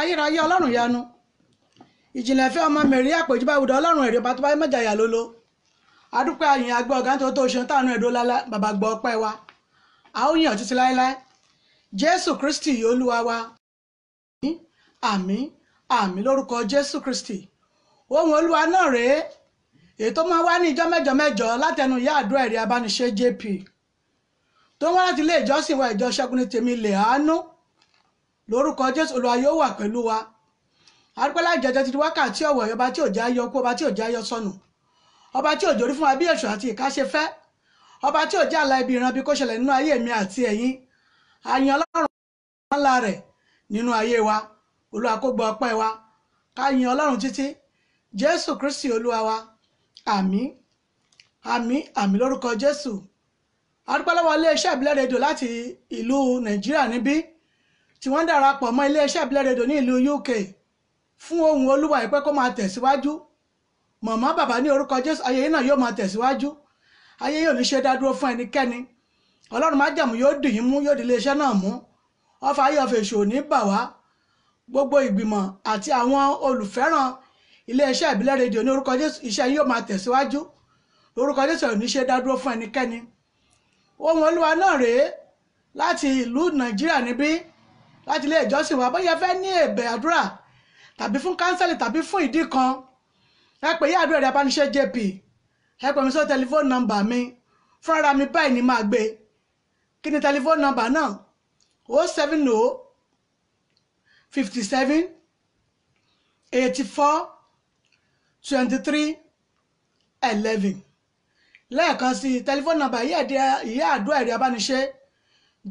ayérayé ọlọ́run yanu ìjìnlẹ̀ fẹ́ ọmọ mẹ̀rí àpèjúbà ìwúdọ̀ ọlọ́run ẹ̀rí ọba tó bá mẹ́jàyà lólo adúpẹ́ àyìn àgbẹ̀ ọ̀gá tó tó ṣe táànù ẹ̀dọ́ lálá bàbá gbọ́ ọpẹ́ wa a ó yàn títí láéláé jésù kristi olúwa wa àmín àmín lórúkọ jésù kristi ohun olúwa náà rèé èyí tó máa wá ní ìjọ mẹ́jọ mẹ́jọ látẹnu ìyá àdúrà ẹ̀rí abániṣe jp tó wá láti ilé ìjọsìn wa ìjọ ṣẹ́gun ní tèmi lè àánú lórúkọ jésù olúwa yóò wà pẹ̀lú wa arúgbálá ìjẹjẹ ti di wákàtí ọ̀wọ̀ ọba tí òjá yọ kú ọba tí òjá yọ sọnù ọba tí òjò rí fún wa bí èṣù àti ìka ṣe fẹ́ ọba tí òjá àlà ibi ìran bí kò ṣẹlẹ̀ nínú ayé mi àti ẹ̀yin àyàn ọlọ́run ńlá rẹ̀ nínú ayé wa olúwa kó gbọ́ ọpẹ́ wa ká yin ọlọ́run títí jésù kristi olúwa wa àmín àmín àmín lórúkọ jésù arúgbálá wa ilé iṣẹ́ ìbílẹ̀ rédíò láti ìlú nàìjíríà níbí tí wọ́n ń darapọ̀ mọ́ iléeṣẹ́ ìbílẹ̀ rédíò ní ìlú UK fún ohùn olúwa ìpẹ́ kó máa tẹ̀síwájú mọ̀mọ́ bàbá ní orúkọ Jésù ayẹyẹ náà yóò máa tẹ̀síwájú ayẹyẹ ò ní ṣe dádúró fún ẹnikẹ́ni ọlọ́run májàmú yóò dì yín mú yóò di iléeṣẹ́ náà mú ọfà ayé ọ̀fẹ́ ìṣòwò ní bà wá gbogbo ìgbìmọ̀ àti àwọn olùfẹ́ràn iléeṣẹ́ ìbílẹ̀ rédíò ní orúkọ Jésù iṣẹ́ yóò máa tẹ̀síwájú orúkọ Jésù ò ní ṣe dádúró fún ẹnikẹ́ni ohun olúwa náà rèé láti ìlú Nàìjíríà níbí láti ilé ìjọsìn wa bóyá fẹ́ ní ẹ̀bẹ̀ àdúrà tàbí fún kánsẹ́lì tàbí fún ìdí kan ẹ pè yá àdúrà rẹ abániṣe jp ẹ pè mí sọ tẹlifóònù nọ́mbà mi fúnra mi báyìí ni máa gbé kí ni tẹlifóònù nọ́mbà náà o oh seven o oh fifty seven eighty four twenty three eleven lẹ́ẹ̀kan sí tẹlifóònù nọ́mbà ìyá àdúrà rẹ abániṣe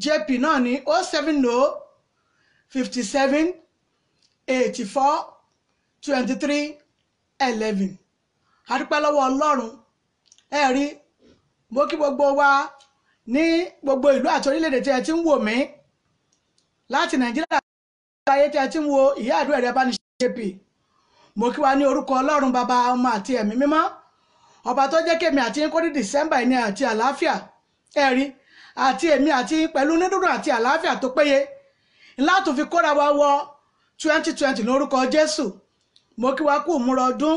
jp náà ni o oh seven o. 57 84 23 11 adúpẹ́ lọ́wọ́ ọlọ́run ẹ rí mo kí gbogbo wa ní gbogbo ìlú àti orílẹ̀-èdè tí ẹ ti ń wò mí láti nàìjíríà ayé tí ẹ ti ń wo ìyá àdúrà rẹ bá ní ṣe pè mo kí wa ní orúkọ ọlọ́run bàbá ọmọ àti ẹ̀mí mímọ́ ọba tó jẹ́ kémi àti yín kó ní dìsẹ́mbà ẹni àti àlàáfíà ẹ rí àti èmi àti pẹ̀lú nídùnnú àti àlàáfíà tó péye láti fi kóra wa wọ twenty twenty lórúkọ Jésù mo kí wa kú múra ọdún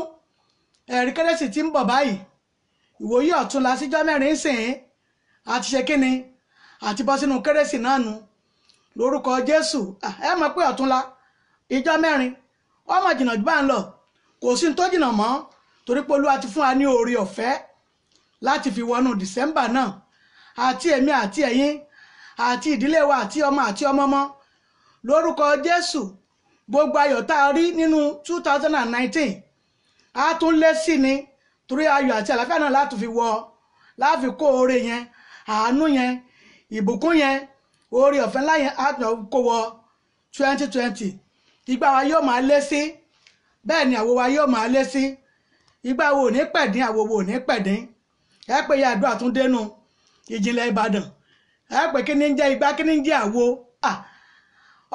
ẹ̀rí kérésì tí ń bọ̀ báyìí ìwòye ọ̀tún la síjọ́ mẹ́rin sìn àti ṣe kínni àti bọ́ sínú kérésì náà nu lórúkọ Jésù ẹ mọ̀ pé ọ̀tún la ìjọ́ mẹ́rin ọmọ jìnnà jù bá ń lọ kò sí tó jìnnà mọ́ torí pé Olúwa ti fún wa ní oore ọ̀fẹ́ láti fi wọnú December náà àti èmi àti ẹ̀yin àti ìdílé wa àti ọmọ àti ọmọ mọ́ lórúkọ jésù gbogbo ayọ̀ tá a rí nínú 2019 a tún lé sí ni torí ayọ̀ àti àlàáfíà láti fi wọ láti kó oore yẹn àánú yẹn ìbùkún yẹn oore ọ̀fẹ́ ńlá yẹn á tún kó wọ 2020 ìgbà wa yóò máa lé sí bẹ́ẹ̀ ni yóò máa lé sí ìgbà wo ní pẹ̀dín ní pẹ̀dín ẹ pé àdúrà tún dénú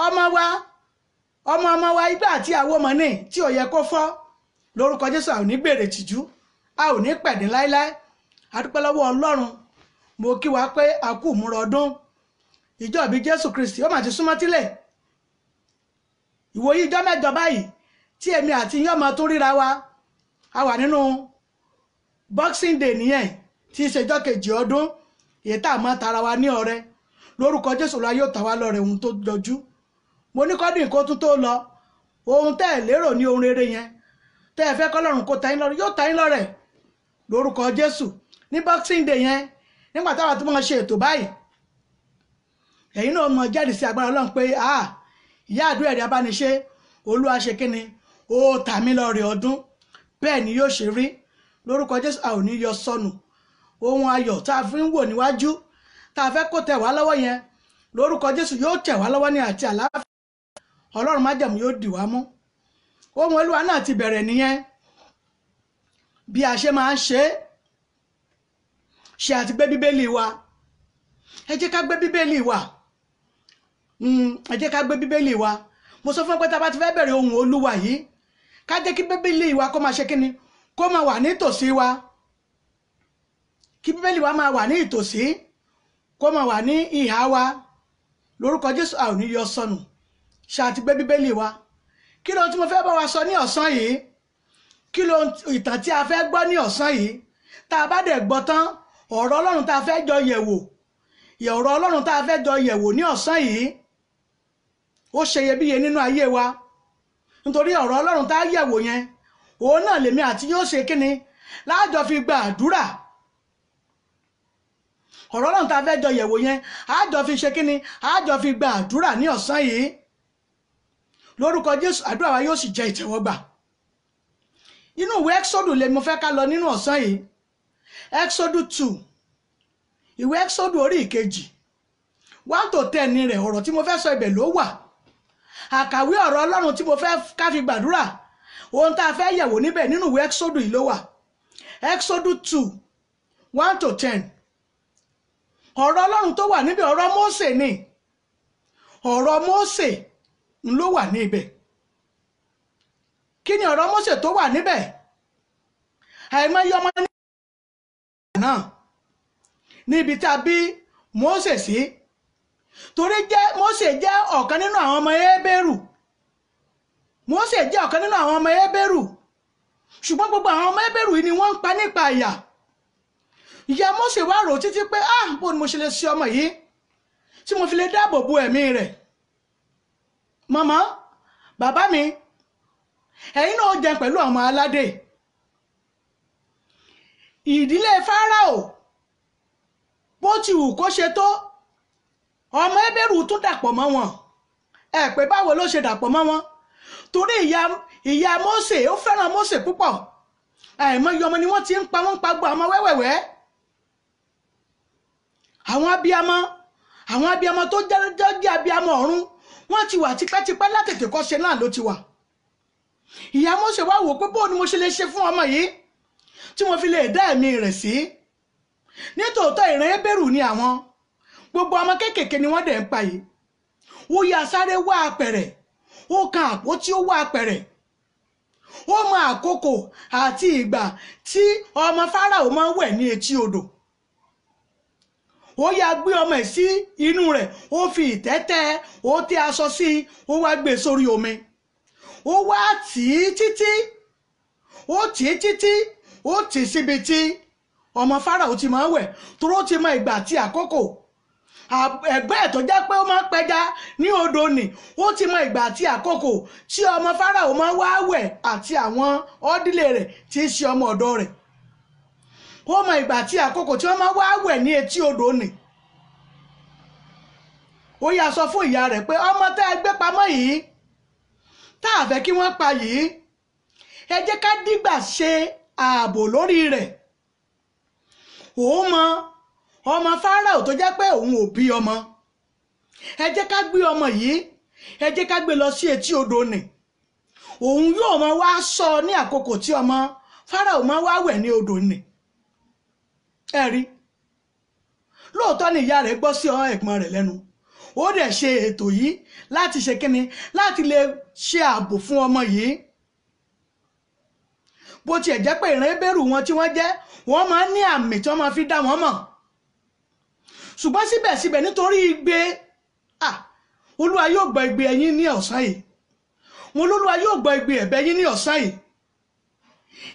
ọmọ wa ọmọ ọmọ wa igbá àti àwo ọmọ ní tí ò yẹ kó fọ́ lórúkọ jésù a ò tìjú a ò ní pẹ̀dín láéláé a dúpẹ́ lọ́wọ́ ọlọ́run mo kí wa pé a kú ìmúra ọdún ìjọ jésù kristi ó mà ti súnmọ́ tílẹ̀ ìwòye ìjọ mẹ́jọ báyìí tí èmi àti yín ọmọ tó ríra wa a wà nínú boxing day nìyẹn tí í ṣèjọ́ kejì ọdún èyí tá a mọ tara wa ní ọrẹ lórúkọ jésù lọ ayé ò tà wá lọ́rẹ ohun tó jọjú mo ní kọ́ dín kó tún lọ ohun tẹ́ ẹ̀ lérò ní ohun rere yẹn tẹ́ ẹ fẹ́ kọ́lọ́run kó ta lọ́rẹ̀ yóò ta lọ́rẹ̀ lórúkọ Jésù ní boxing day yẹn nígbà táwa tó máa ṣe ètò báyìí ẹ̀yin náà mọ̀ jáde sí agbára Ọlọ́run pé ah ìyá àdúrà ẹ̀rí abániṣe Olúwa ṣe kíni ó ta mí lọ́rẹ̀ ọdún bẹ́ẹ̀ ni yóò ṣe rí lórúkọ Jésù a ò ní yọ sọnù ohun ayọ̀ tá a fi ń wò níwájú tá a fẹ́ kó tẹ̀ wá lọ́wọ́ yẹn lórúkọ Jésù yóò tẹ̀ wá lọ́wọ́ ní àti àlàáfíà ọlọ́run májẹ̀mú yóò dì wá mú ohun olúwa náà ti bẹ̀rẹ̀ nìyẹn bí a ṣe máa ń ṣe é ṣe àti gbé bíbélì wa ẹ jẹ́ ká gbé bíbélì wa hmm, ẹ jẹ́ ká gbé bíbélì wa mo sọ fún ọ pé tá a bá ti fẹ́ bẹ̀rẹ̀ ohun olúwa yìí ká jẹ́ kí bíbélì wa kó máa ṣe kíni kó máa wà ní ìtòsí wa kí bíbélì wa máa wà ní ìtòsí kó máa wà ní ìhà wa lórúkọ jésù a ò sọnù ṣáàtì gbé bíbélì wa kí ló tí mo fẹ́ bá wa sọ ní ọ̀sán yìí kí ló ìtàn tí a fẹ́ gbọ́ ní ọ̀sán yìí tá a bá dẹ̀ gbọ́ tán ọ̀rọ̀ ọlọ́run tá a fẹ́ jọ yẹ̀wò ọ̀rọ̀ ọlọ́run tá a fẹ́ jọ yẹ̀wò ní ọ̀sán yìí ó ṣe iyebíye nínú ayé wa nítorí ọ̀rọ̀ ọlọ́run tá a yẹ̀wò yẹn òun náà lèmi àti yóò ṣe kíni láàjọ fi gba àdúrà ọ̀rọ̀ ọlọ́run tá a fẹ́ jọ yẹ̀wò yẹn àjọ fi ṣe kíni àjọ fi gba àdúrà ní ọ̀sán yìí lórúkọ jésù àdúrà wa yóò sì jẹ́ ìtẹ́wọ́gbà inú ìwé exodus lè mo fẹ́ ká lọ nínú ọ̀sán yìí exodus two ìwé exodus orí ìkejì one to ten ni rẹ̀ ọ̀rọ̀ tí mo fẹ́ sọ ibẹ̀ ló wà àkàwé ọ̀rọ̀ ọlọ́run tí mo fẹ́ ká fi gbàdúrà ohun tá a fẹ́ yẹ̀wò níbẹ̀ nínú ìwé exodus yìí ló wà exodus two one to ten ọ̀rọ̀ ọlọ́run tó wà níbẹ̀ ọ̀rọ̀ Mósè ni ọ̀rọ̀ Mósè ń ló wà ní ibẹ̀ kí ni ọ̀rọ̀ Mósè tó wà níbẹ̀ àìmọye ọmọ ní ìgbà náà níbi tá a bí Mósè sí torí jẹ́ Mósè jẹ́ ọ̀kan nínú àwọn ọmọ Hébérù Mósè jẹ́ ọ̀kan nínú àwọn ọmọ Hébérù ṣùgbọ́n gbogbo àwọn ọmọ Hébérù yìí ni wọ́n ń pa nípa ìyà ìyá Mósè wá rò títí pé ah bó ni mo ṣe lè ṣe ọmọ yìí tí mo fi lè dáàbò bo ẹ̀mí rẹ̀ màmá bàbá mi ẹ̀yin náà jẹ pẹ̀lú àwọn aládé ìdílé fáráò bó ti wù kó ṣe tó ọmọ ẹbẹ̀rù tún dàpọ̀ mọ́ wọn ẹ pé báwo ló ṣe dàpọ̀ mọ́ wọn torí ìyá ìyá Mósè ó fẹ́ràn Mósè púpọ̀ àìmọye ọmọ ni wọ́n ti ń pa wọ́n ń pa gbọ́ ọmọ wẹ́wẹ̀wẹ́ àwọn abiyamọ àwọn abiyamọ tó jẹ́ jẹ́ abiyamọ ọ̀run wọ́n ti wà tipẹ́tipẹ́ látètè kọ́ ṣe náà ló ti wà ìyá Mósè wá wò pé bóun ni mo ṣe lè ṣe fún ọmọ yìí tí mo fi lè dá ẹ̀mí rẹ̀ sí nítòótọ́ ìran ebèrú ni àwọn gbogbo ọmọ kéékèèké ni wọ́n dẹ̀ ń pa yìí ó yà sáré wá apẹ̀rẹ̀ ó kan àpótí ó wá apẹ̀rẹ̀ ó mọ àkókò àti ìgbà tí ọmọ Fáráò máa ń wẹ̀ ní etí odò ó yá gbé ọmọ ẹ̀ sí inú rẹ̀ ó fi ìtẹ́tẹ́ ó tẹ́ aṣọ sí i ó wá gbé e sórí omi ó wá tì í títí ó tì í títí ó tì í síbi tí ọmọ Fáráò ti máa ń wẹ̀ toró ti mọ ìgbà àti àkókò ẹgbẹ́ ẹ̀ tó jẹ́ pé ó máa ń pẹja ní odò nì ó ti mọ ìgbà àti àkókò tí ọmọ Fáráò máa ń wá wẹ̀ àti àwọn ọ́dílé rẹ̀ tí í ṣe ọmọ ọ̀dọ́ rẹ̀ kó mọ ìgbà tí àkókò tí wọ́n máa wá wẹ̀ ní etí odò ni ó yá sọ fún ìyá rẹ̀ pé ọmọ tá a gbé pamọ́ yìí tá a fẹ́ kí wọ́n pa yìí ẹ jẹ́ ká dìgbà ṣe ààbò lórí rẹ̀ òun mọ ọmọ Fáráò tó jẹ́ pé òun ò bí ọmọ ẹ jẹ́ ká gbé ọmọ yìí ẹ jẹ́ ká gbé lọ sí etí odò nì òun yóò mọ wá sọ ní àkókò tí ọmọ Fáráò máa wá wẹ̀ ní odò nì ẹ rí lóòótọ́ ni ìyá rẹ̀ gbọ́ sí ẹ̀gbọ́n rẹ̀ lẹ́nu ó dẹ̀ ṣe ètò yìí láti ṣe kíni láti lè ṣe ààbò fún ọmọ yìí bó tiẹ̀ jẹ́ pé ìran ebéèrú wọn tí wọ́n jẹ́ wọ́n máa ń ní àmì tí wọ́n máa fi dá wọn mọ̀ ṣùgbọ́n síbẹ̀síbẹ̀ nítorí igbe olúwa yóò gbọ́ igbe ẹ̀yin ní ọ̀sán yìí wọn olúwa yóò gbọ́ igbe ẹ̀bẹ̀ yín ní ọ̀sán yìí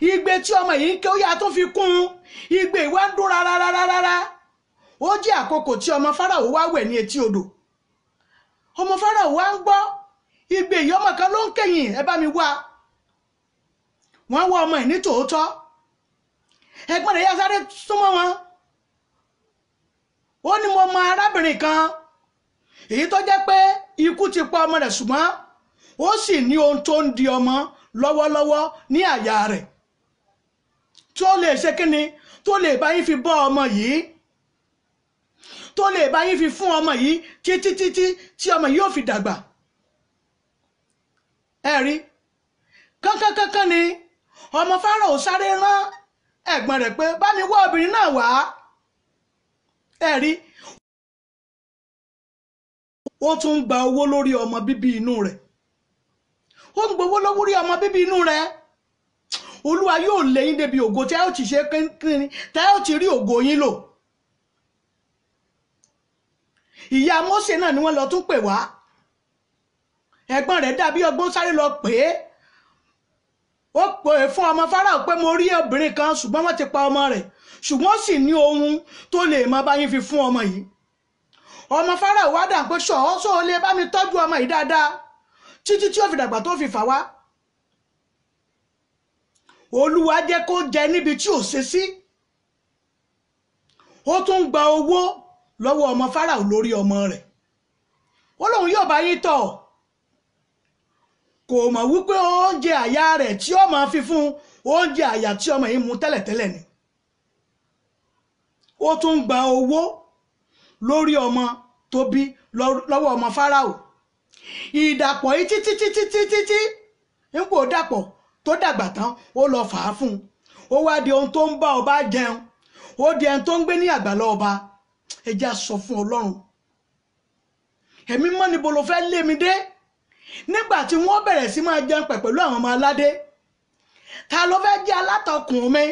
igbe tí ọmọ yìí ń ké ó yà tó fi kún un igbe ìwà ń dún rárárárá ó jẹ́ àkókò tí ọmọ fáráò wá wẹ̀ ní etí odò ọmọ fáráò wá ń gbọ́ igbe ìyá ọmọ kan ló ń kẹ̀yìn ẹ bá mi wá wọ́n wá ọmọ ẹ̀ ní tòótọ́ ẹ̀gbọ́n rẹ̀ yá sáré súnmọ́ wọn ó ní mo mọ arábìnrin kan èyí tó jẹ́ pé ikú ti pa ọmọ rẹ̀ ṣùgbọ́n ó sì ní ohun tó ń di ọmọ lọ́wọ́lọ́wọ́ ní àyà rẹ̀ tó lè ṣe kíni tó lè bá yín fi bọ́ ọmọ yìí tó lè bá yín fi fún ọmọ yìí títí títí tí ọmọ yìí ò fi dàgbà ẹ rí kánkánkánkán ni ọmọ Fáráò sáré rán ẹgbọn rẹ̀ pé bá mi wá obìnrin náà wá ẹ rí ó tún gba owó lórí ọmọ bíbí inú rẹ̀ ó ń gbowó lórí ọmọ bíbí inú rẹ̀ olúwa yóò lé yín débi ògo tẹ́ ò ti ṣe kíni tẹ́ ò ti rí ògo yín lò ìyá Mósè náà ni wọ́n lọ tún pè wá ẹ̀gbọ́n rẹ̀ dàbí ọgbọ́n sáré lọ pè é ó pè é fún ọmọ Fáráò pé mo rí obìnrin kan ṣùgbọ́n wọ́n ti pa ọmọ rẹ̀ ṣùgbọ́n sì ní ohun tó lè má bá yín fi fún ọmọ yìí ọmọ Fáráò wá dà pé ṣọ̀ọ́ sóò lè bá mi tọ́jú ọmọ yìí dáadáa títí tí ó fi dàgbà tó fi fà wá olúwa jẹ́ kó jẹ níbi tí ò ṣe sí ó tún ń gba owó lọ́wọ́ ọmọ Fáráò lórí ọmọ rẹ̀ ó lóun yóò bá yín tọ̀ kò mọ̀ wípé oúnjẹ àyà rẹ̀ tí ó máa fi fún oúnjẹ àyà tí ọmọ yìí mu tẹ́lẹ̀tẹ́lẹ̀ ni ó tún ń gba owó lórí ọmọ tó bí lọ́wọ́ ọmọ Fáráò ìdàpọ̀ yìí títí títí títí tí ń pò dàpọ̀ tó dàgbà tán ó lọ fà á fún un ó wá di ohun tó ń bá ọba jẹun ó di ẹni tó ń gbé ní àgbàlá ọba ẹ jẹ́ á sọ fún ọlọ́run ẹ̀mí mọ́ níbo ló fẹ́ lé mi dé nígbà tí wọ́n bẹ̀rẹ̀ sí máa jẹun pẹ̀ pẹ̀lú àwọn ọmọ aládé ta ló fẹ́ jẹ́ alátakùn mi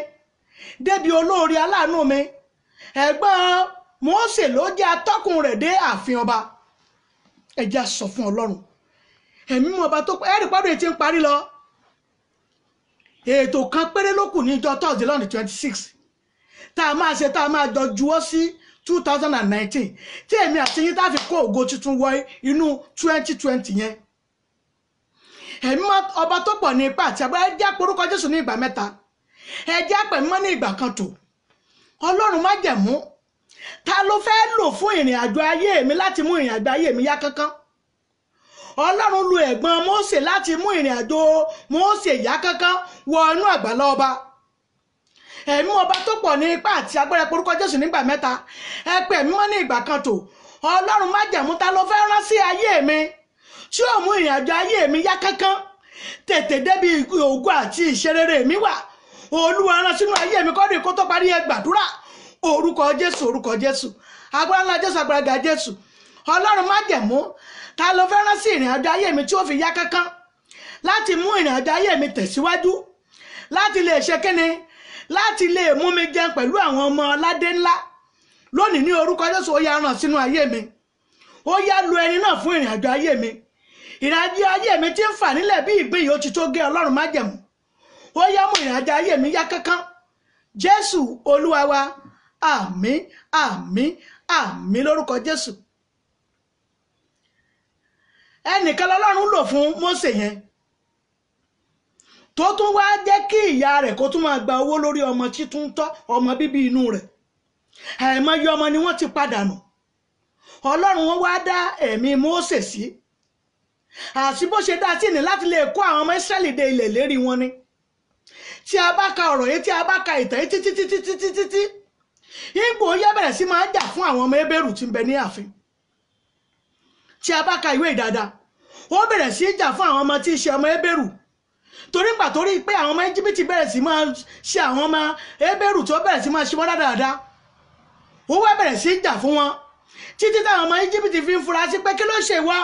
débi olóore aláàánú mi ẹ̀gbọ́n Mósè ló jẹ́ atọ́kùn rẹ̀ dé ààfin ọba ẹ jẹ́ á sọ fún ọlọ́run ẹ̀mí mọ́ ọba tó ẹ̀rí pàdé tí ń parí lọ ètò kan péré ló kù ní ìjọ thursday lọ́nà twenty six tá a máa ṣe tá a máa jọ juwọ́ sí two thousand and nineteen tí èmi àti yín tá a fi kó ògo tuntun wọ inú twenty twenty yẹn ẹ̀mí ọba tó pọ̀ ní ipá àti agbára ẹ jẹ́ àporúkọ jésù ní ìgbà mẹ́ta ẹ jẹ́ àpẹ̀mọ́ ní ìgbà kan tó ọlọ́run má jẹ̀mú ta ló fẹ́ lò fún ìrìn àjò ayé mi láti mú ìrìn àjò ayé mi yá kánkán ọlọ́run lu ẹ̀gbọ́n Mósè láti mú ìrìn àjò Mósè yá kánkán wọ inú àgbàlá ọba ẹ̀mí ọba tó pọ̀ ní ipá àti agbára porúkọ Jésù nígbà mẹ́ta ẹ pé ẹ̀mí mọ́ ní ìgbà kan tò ọlọ́run májẹ̀mú ta ló fẹ́ rán sí ayé mi tí ò mú ìrìn àjò ayé mi yá kánkán tètè débi ògo àti ìṣerere mi wà olúwa rán sínú ayé mi kọ́ ní kó tó parí ẹ gbàdúrà orúkọ Jésù orúkọ Jésù agbára ńlá Jésù agbára ga Jésù ọlọ́run májẹ̀mú ta ló fẹ́ rán sí ìrìn àjò ayé mi tí ó fi yá kánkán láti mú ìrìn àjò ayé mi tẹ̀síwájú láti lè ṣe kíni láti lè mú mi jẹun pẹ̀lú àwọn ọmọ aládé ńlá lónìí ní orúkọ Jésù ó yá ràn sínú ayé mi ó yá lo ẹni náà fún ìrìn àjò ayé mi ìrìn àjò ayé mi ti ń fà nílẹ̀ bí ìgbín yìí ó ti tó gé ọlọ́run májẹ̀mú ó yá mú ìrìn àjò ayé mi yá kánkán Jésù olúwa wa àmín àmín àmín lórúkọ Jésù ẹnìkan lọ́lọ́run lò fún Mósè yẹn tó tún wá jẹ́ kí ìyá rẹ̀ kó tún máa gba owó lórí ọmọ títún tọ́ ọmọ bíbí inú rẹ̀ àìmọye ọmọ ni wọ́n ti padànù ọlọ́run wọn wá dá ẹ̀mí Mósè sí àti bó ṣe dá sí ní láti lè kó àwọn ọmọ Ísírẹ́lì dé ilẹ̀ lérí wọn ni tí a bá ka ọ̀rọ̀ yìí tí a bá ka ìtàn yìí títí títí títí títí ìgbò yẹ bẹ̀rẹ̀ sí máa ń jà fún àwọn ọmọ ebèrú tí bẹ ní ààfin tí a bá ka ìwé dáadáa ó bẹ̀rẹ̀ sí í jà fún àwọn ọmọ tí í ṣe ọmọ ébèrú torí pàtó rí i pé àwọn ọmọ íjíbítì bẹ̀rẹ̀ sí máa ṣe àwọn ọmọ ébèrú tó bẹ̀rẹ̀ sí máa ṣe wọ́n dáadáa ó wá bẹ̀rẹ̀ sí í jà fún wọn títí táwọn ọmọ íjíbítì fi ń fura sí pé kí ló ṣe wá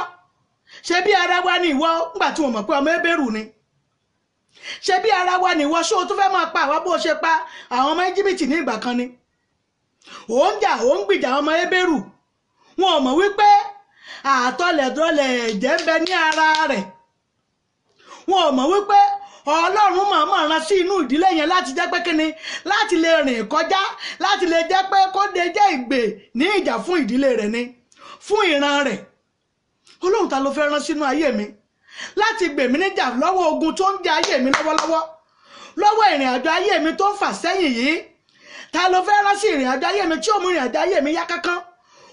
ṣe bí ara wa ni ìwọ ńgbà tí wọ́n mọ̀ pé ọmọ ébèrú ni ṣe bí ara wa ni ìwọ ṣó o tún fẹ́ máa pa àwa bó o ṣe pa àwọn ọmọ íjíbítì ní ìgbà kan ni òun jà òun gbìjà ọmọ ébèrú wọn ò mọ̀ wípé àtọlẹ̀dọlẹ̀ ẹ̀jẹ̀ ń bẹ ní ara rẹ̀ wọn ò mọ̀ wípé ọlọ́run mọ̀ọ́mọ̀ rán sí inú ìdílé yẹn láti jẹ́ pé kíni láti lè rìn kọjá láti lè jẹ́ pé kóde jẹ́ ìgbè ní ìjà fún ìdílé rẹ̀ ni fún ìran rẹ̀ ọlọ́run ta ló fẹ́ rán sínú ayé mi láti gbè mí níjà lọ́wọ́ ogun tó ń jẹ ayé mi lọ́wọ́lọ́wọ́ lọ́wọ́ ìrìn àjò ayé mi tó ń fà sẹ́yìn yìí ta ló fẹ́ rán sí ìrìn àjò ayé mi tí ò mú ìrìn àjò ayé mi yá kánkán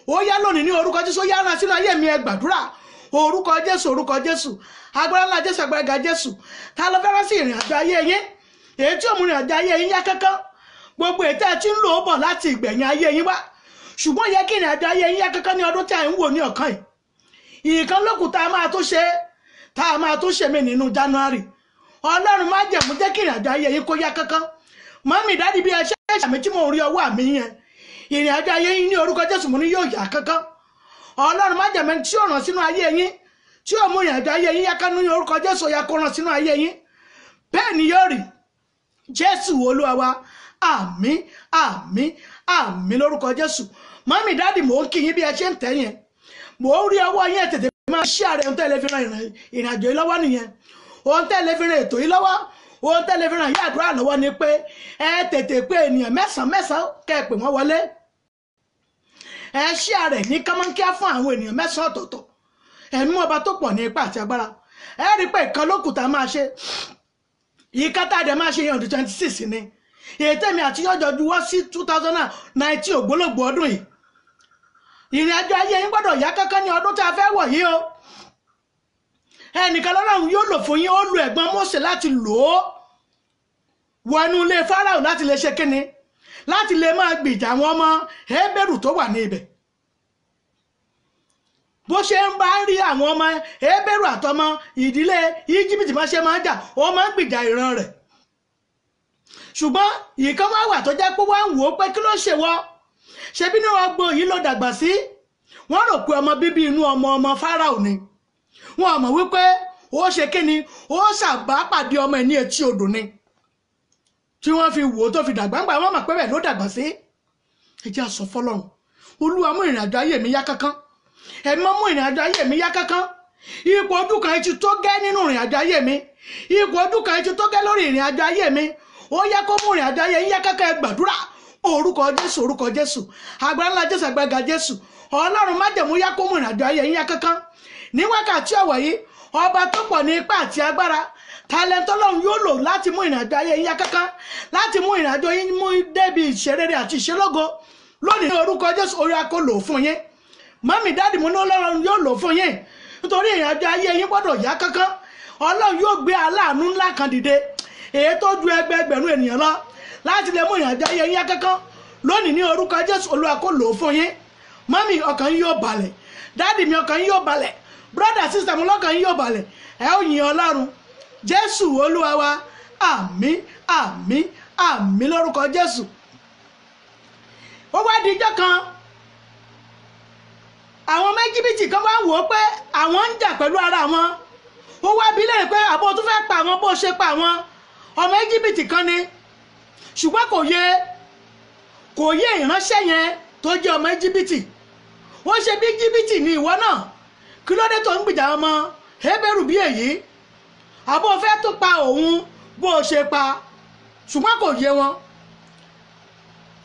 ó yá lónìí ní orúkọ jésù ó yá ara sínú ayé mi ẹ gbàdúrà orúkọ jésù orúkọ jésù agbára ńlá jésù agbára ga jésù ta ló fẹ́ràn sí ìrìn àjò ayé yín èyí tí òmùrìn àjò ayé yín yá kankan gbogbo ètò ẹ ti ń lò ó bọ̀ láti ìgbẹ̀yìn ayé yín wá ṣùgbọ́n yẹ kí ìrìn àjò ayé yín yá kankan ní ọdún tí à ń wò ní ọ̀kan yìí ìkan lókùn tá a máa tó ṣe tá a máa tó ṣe mí nínú january ọlọ́run má jẹ̀mú jẹ́ kí ìrìn àjò ayé yín kó yá kankan mọ́mí ìdádìí ẹ ṣe é tí mò rí ọwọ́ àmì yẹn ìrìn àjò ayé yín ní orúkọ jésù mo ní yóò yá kankan ọlọ́run má jẹ̀mẹ́ tí yóò ràn sínú ayé yín tí yóò mú ìrìn àjò ayé yín yákánú ní orúkọ jésù ya kó ràn sínú ayé yín bẹ́ẹ̀ ni yóò rí jésù olúwa wa àmín àmín àmín lórúkọ jésù mọ́mí dáàdì mò ń kí yín bí ẹ ṣe ń tẹ̀ yẹn mò ń rí ọwọ́ yín ẹ̀ tètè máa ṣí ààrẹ ohun tẹ́lẹ̀ fi ran ìrìn àjò yìí lọ́wọ́ nìyẹn ohun tẹ́lẹ̀ fi ran ètò yìí lọ́wọ́ ohun tẹ́lẹ̀ fi ran ìyá àdúrà lọ́wọ́ ni pé ẹ tètè pé ènìyàn mẹ́sàn-án mẹ́sàn-án kẹ́ ẹ pè wọ́n wọlé ẹ ṣí ààrẹ ní kánmọ́nkíá fún àwọn ènìyàn mẹ́sàn-án ọ̀tọ̀ọ̀tọ̀ ẹ̀mí ọba tó pọ̀ ní ipa àti agbára ẹ rí i pé ìkan lókùtà máa ṣe ìkátà dẹ̀ máa ṣe yẹn ọdún twenty six ni ètèmi àti yọjọ juwọ́ sí two thousand and nineteen ògbólógbò ọdún yìí ìrìn àjò ayé yín gbọ́dọ̀ yá kankan ní ọdún tá a fẹ́ wọ̀ yìí o ẹnìkan lọ́lọ́run yóò lò fún yín ó lu ẹ̀gbọ́n Mósè láti lò ó wọnú ilé Fáráò láti lè ṣe kínni láti lè máa gbìjà àwọn ọmọ Hébérù tó wà ní ibẹ̀ bó ṣe ń bá rí àwọn ọmọ Hébérù àtọmọ ìdílé Íjíbítì máa ṣe máa ń jà ó máa ń gbìjà ìran rẹ̀ ṣùgbọ́n ìkan wá wà tó jẹ́ pé wá ń wò ó pé kí ló ṣe wọ́ ṣebí ní ọgbọ́n yìí ló dàgbà sí wọ́n rò pé ọmọ bíbí inú ọmọ ọmọ Fáráò ni wọ́n mọ̀ wípé ó ṣe kíni ó ṣàbápàdé ọmọ ẹ̀ ní etí odò ni tí wọ́n fi wò tó fi dàgbà ńgbà wọ́n mọ̀ pé bẹ́ẹ̀ ló dàgbà sí ẹ jẹ́ àsọ fọlọ́run olúwa mú ìrìn àjò ayé mi yá kankan ẹ má mú ìrìn àjò ayé mi yá kankan ipò ọdún kan ti tó gẹ́ nínú ìrìn àjò ayé mi ipò ọdún kan ti tó gẹ́ lórí ìrìn àjò ayé mi ó yá kó mú ìrìn àjò ayé yá kankan ẹ gbàdúrà orúkọ jésù orúkọ jésù agbára jésù àgbàga jésù ọlọ́run májẹ̀mú yá kó mú ìrìn àjò ayé yá kankan ní wákàtí ọ̀wọ̀ yìí ọba tó pọ̀ ní ipá àti agbára talent ọlọ́run yóò lò láti mú ìrìnàjò ayé yín yá kánkán láti mú ìrìnàjò yín mú débi ìṣerere àti ìṣelógo lónìí ní orúkọ jésù orí akó lò fún yín mọ́mí dáàdì mú ní ọlọ́run yóò lò fún yín nítorí ìrìnàjò ayé yín gbọ́dọ̀ yá kankan ọlọ́run yóò gbé aláàánú ńlá kan dìde èyí tó ju ẹgbẹẹgbẹ̀rún ènìyàn lọ láti lè mú ìrìnàjò ayé yín lónìí ní orúkọ jésù lò fún yín mọ́mí ọkàn yín yóò balẹ̀ dáàdì mi ọkàn yín yóò balẹ̀ brọ́dà mi yín yóò balẹ̀ ó yin ọlọ́run jésù olúwa wa àmín àmín àmín lórúkọ jésù ó wá di ijọ́ kan àwọn ọmọ íjíbítì kan wá wò ó pé àwọn ń jà pẹ̀lú ara wọn ó wá bi léèrè pé àbó tún fẹ́ pa àwọn bó ṣe pa àwọn ọmọ íjíbítì kan ni ṣùgbọ́n kò yé kò yé ìránṣẹ́ yẹn tó jẹ́ ọmọ íjíbítì ó ṣe bí íjíbítì ni ìwọ náà kí ló dé tó ń gbìjà ọmọ hébérù bí èyí àbó fẹ́ tún pa òun bó o ṣe pa ṣùgbọ́n kò yé wọn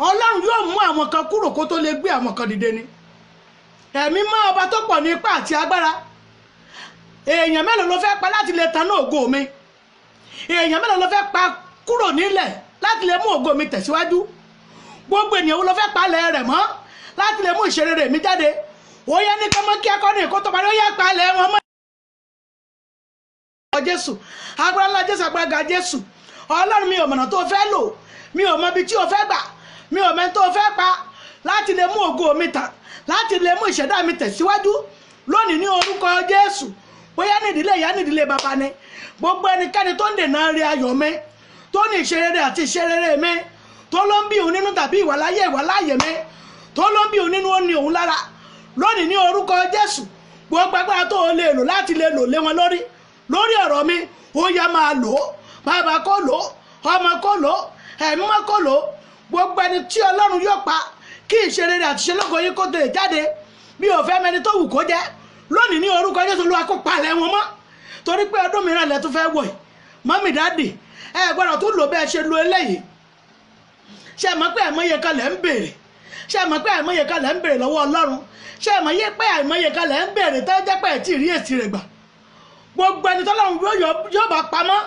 ọlọ́run yóò mú àwọn kan kúrò kó tó lè gbé àwọn kan dìde ni ẹ̀mí mọ́ ọba tó pọ̀ ní ipá àti agbára èèyàn mélòó ló fẹ́ pa láti lè tan náà ògo mi èèyàn mélòó ló fẹ́ pa kúrò nílẹ̀ láti lè mú ògo mi tẹ̀síwájú gbogbo ènìyàn wo ló fẹ́ palẹ̀ rẹ̀ mọ́ láti lè mú ìṣeré rẹ̀ mi jáde ó yẹ ní kọ́mọ́ kí akọ́ni kó tó parí ó yẹ palẹ̀ wọn mọ́ lórúkọ jésù agbára ńlá jésù agbára jésù ọlọ́run mi ò mọ̀nà tó fẹ́ lò mi ò mọ ibi tí o fẹ́ gbà mi ò mẹ́ni tó fẹ́ pa láti lè mú ògo mi tàn láti lè mú ìṣẹ̀dá mi tẹ̀síwájú lónìí ní orúkọ jésù bóyá nídìílé ìyá nídìílé bàbá ni gbogbo ẹnikẹ́ni tó ń dènà rí ayọ̀ mi tó ní ìṣerere àti ìṣerere mi tó ló ń bí òun nínú tàbí ìwàláyé ìwàláyé mi tó ló ń bí òun nínú ó ní òun lára lónìí ní orúkọ jésù gbogbo agbára tó o lè lò láti lè lò lé wọn lórí lórí ọ̀rọ̀ mi ó yá máa lò ó bàbá kò lò ó ọmọ kò lò ó ẹ̀mí mọ́ kò lò ó gbogbo ẹni tí ọlọ́run yóò pa kí ìṣeré rẹ̀ àti ìṣelógo yín kó tó lè jáde bí ò fẹ́ mẹni tó wù kó jẹ́ lónìí ní orúkọ jésù olúwa kó palẹ̀ wọn mọ́ torí pé ọdún mìíràn lẹ̀ tún fẹ́ wọ̀ yìí mọ́mì dáàdì ẹ gbọ́dọ̀ tún lò bẹ́ẹ̀ ṣe lo eléyìí ṣe mọ̀ pé àìmọye kan lẹ̀ ń béèrè ṣe mọ̀ pé àìmọye kan lẹ̀ ń béèrè lọ́wọ́ ọlọ́run ṣe mọ̀ yé pé àìmọye kan lẹ̀ ń béèrè tó tí ì rí èsì rẹ̀ gbà gbogbo ẹni tọ́lọ́run yóò bá pamọ́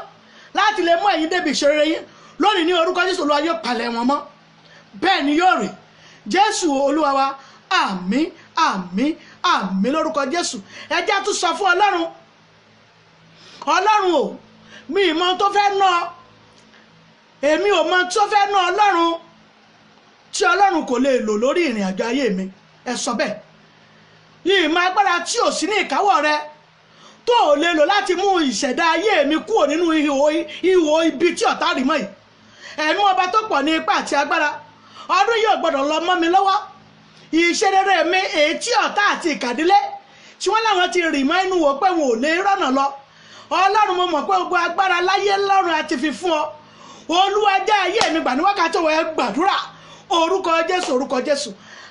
láti lè mú ẹ̀yin débi ìṣeré yín lónìí ní orúkọ jésù olúwa yóò palẹ̀ wọn mọ́ bẹ́ẹ̀ ni yóò rí jésù olúwa wa àmín àmín àmín lórúkọ jésù ẹ jẹ́ tún sọ fún ọlọ́run ọlọ́run o mi ì mọ tó fẹ́ ná èmi ò mọ tó fẹ́ ná ọlọ́run tí ọlọ́run kò lè lò lórí ìrìn àjò ayé mi ẹ sọ bẹ́ẹ̀ yìí mọ agbára tí ò sí ní ìkáwọ́ rẹ tó o lè lò láti mú ìṣẹ̀dá ayé mi kúrò nínú ihò ibi tí ọ̀tá rì mọ́ yìí ẹ̀mí ọba tó pọ̀ ní ipá àti agbára ọdún yìí ò gbọ́dọ̀ lọ mọ́ mi lọ́wọ́ ìṣerere mi èyí tí ọ̀tá àti ìkàdílé tí wọ́n láwọn ti rì mọ́ inú wò pé wọn ò lè rọ̀nà lọ ọlọ́run mo mọ̀ pé gbogbo agbára láyé lọ́run àti fi fún ọ olúwa jẹ́ ayé mi gbà ní wákàtí òwe gbàdúrà orúkọ jésù orúkọ jésù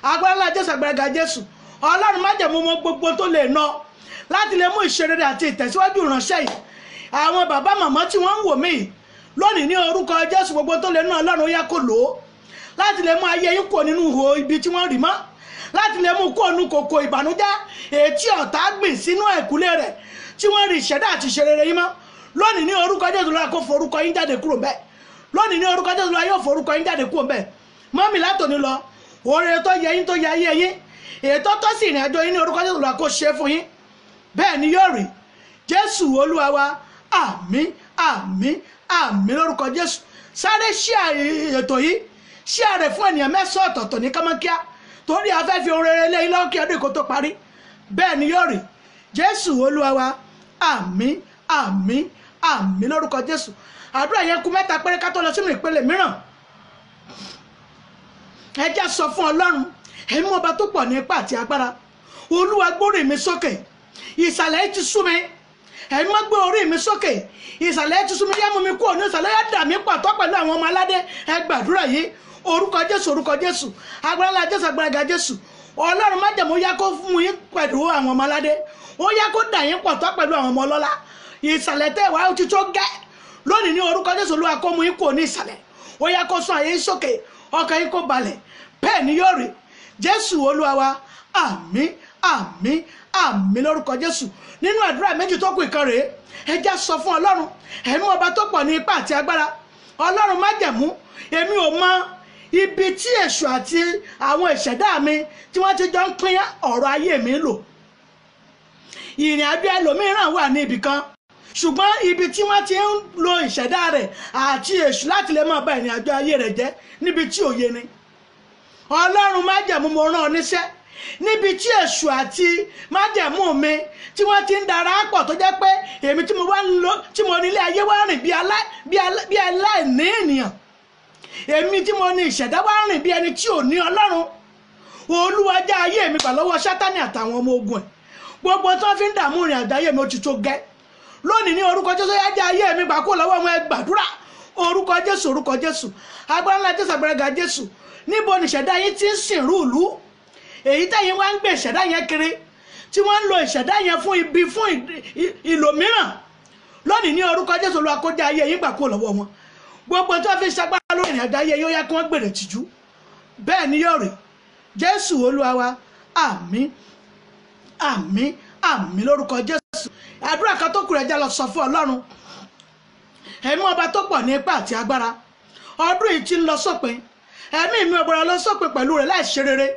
agbára jésù agbára ga jésù ọlọ́run má jẹ̀mú mọ́ gbogbo tó lè ná láti lè mú ìṣerere àti ìtẹ̀síwájú ìránṣẹ́ yìí àwọn bàbá màmá tí wọ́n ń wò mí lónìí ní orúkọ Jésù gbogbo tó lè ná Ọlọ́run yá kò lò ó láti lè mú ayé yín kò nínú ihò ibi tí wọ́n rì mọ́ láti lè mú kó nu kòkò ìbànújẹ́ ètí ọ̀tá gbìn sínú ẹ̀kúlé rẹ̀ tí wọ́n rí ìṣẹ̀dá àti ìṣerere yín mọ́ lónìí ní orúkọ Jésù lọ́la kó forúkọ yín jáde kúrò bẹ́ẹ̀ lónìí ní orúkọ Jésù lọ́la yóò forúkọ yín jáde kúrò bẹ́ẹ̀ mọ́mì látòní lọ òrèrè tó yẹ yín tó yẹ ayé yín ètò tó sì ìrìn àjò yín ní orúkọ Jésù lọ́la kó ṣe é fún yín bẹ́ẹ̀ ni yóò rí jésù olúwa wa àmín àmín àmín lórúkọ jésù sáré ṣí ètò yìí ṣí ààrẹ fún ènìyàn mẹ́sàn-án ọ̀tọ̀ọ̀tọ̀ ní kámákíá torí afẹ́fẹ́ fi lẹ́yìn lọ́wọ́ ọdún èkó tó parí bẹ́ẹ̀ ni yóò rí jésù olúwa wa àmín àmín àmín lórúkọ jésù àdúrà yẹn kù mẹ́ta péré ká tó lọ sínú ìpele mìíràn ẹ já sọ fún ọlọ́run ẹ̀mí ọba tó pọ̀ ní ipá àti agbára olúwa gbórí mi sókè. So ìsàlẹ̀ yìí ti sú mi ẹ má gbé orí mi sókè ìsàlẹ̀ ti súnmi yá mú mi kúrò ní ìsàlẹ̀ yá dà mí pàtọ́ pẹ̀lú àwọn ọmọ aládé ẹ gbàdúrà yìí orúkọ jésù orúkọ jésù agbára jésù agbára jésù ọlọ́run má jẹ̀mú yá kó fún yín pẹ̀lú àwọn ọmọ aládé ó yá kó dà yín pàtọ́ pẹ̀lú àwọn ọmọ ọlọ́lá ìsàlẹ̀ tẹ̀ wá ó ti tó gẹ́ lónìí ní orúkọ jésù olúwa kó mú yín kúrò ní ìsàlẹ̀ ó yá kó sún àyè sókè ọkàn yín kó balẹ̀ bẹ́ẹ̀ ni yóò rí jésù olúwa wa àmín àmín àmì lórúkọ jésù nínú àdúrà méjì tó kù ìkan rèé ẹ já sọ fún ọlọ́run ẹ̀mí ọba tó pọ̀ ní ipá àti agbára ọlọ́run má jẹ̀mú èmi ò mọ ibi tí èṣù àti àwọn ìṣẹ̀dá mi tí wọ́n ti jọ ń pín ọ̀rọ̀ ayé mi lò ìrìn àjò ẹlòmíràn wà ní ibì kan ṣùgbọ́n ibi tí wọ́n ti ń lo ìṣẹ̀dá rẹ̀ àti èṣù láti lè máa bà ìrìn àjò ayé rẹ̀ jẹ́ níbi tí òye ni ọlọ́run má jẹ̀mú mo rán ọ níṣẹ́ níbi tí èṣù àti májẹ̀mú mi tí wọ́n ti ń dara pọ̀ tó jẹ́ pé èmi tí mo wá ń lọ tí mo nílé ayé wá rìn bí aláìní ènìyàn èmi tí mo ní ìṣẹ̀dá wá rìn bí ẹni tí ò ní ọlọ́run olúwa ayé mi gbà lọ́wọ́ sátani àtàwọn ọmọ ogun ẹ̀ gbogbo tí wọ́n fi ń dààmú ìrìn àjò ayé mi ó ti tó gẹ́ lónìí ní orúkọ jésù yá ayé mi gbà kó lọ́wọ́ wọn ẹ gbàdúrà orúkọ jésù orúkọ jésù agbára ńlá jésù àgbàràgà jésù níbo nìṣẹ̀dá yín ti ń sìn rúùlù èyí tẹ̀yìn wá ń gbé ìṣẹ̀dá yẹn kiri tí wọ́n ń lo ìṣẹ̀dá yẹn fún ibi fún ìlò mìíràn lónìí ní orúkọ Jésù lọ akójá ayé yín gbà kó lọ́wọ́ wọn gbogbo tí fi ṣagbára lórí ìrìn àjò ayé yóò yá kí wọ́n gbèrè tìjú bẹ́ẹ̀ ni yóò rí Jésù Olúwa wa àmín àmín àmín lórúkọ Jésù àdúrà kan tó kù rẹ̀ já lọ sọ fún Ọlọ́run ẹ̀mí ọba tó pọ̀ ní ipá àti agbára ọdún yìí ti ń lọ sópin ẹ̀mí mi ọ̀gbọ̀rọ̀ lọ sópin pẹ̀lú rẹ̀ láì ṣe rere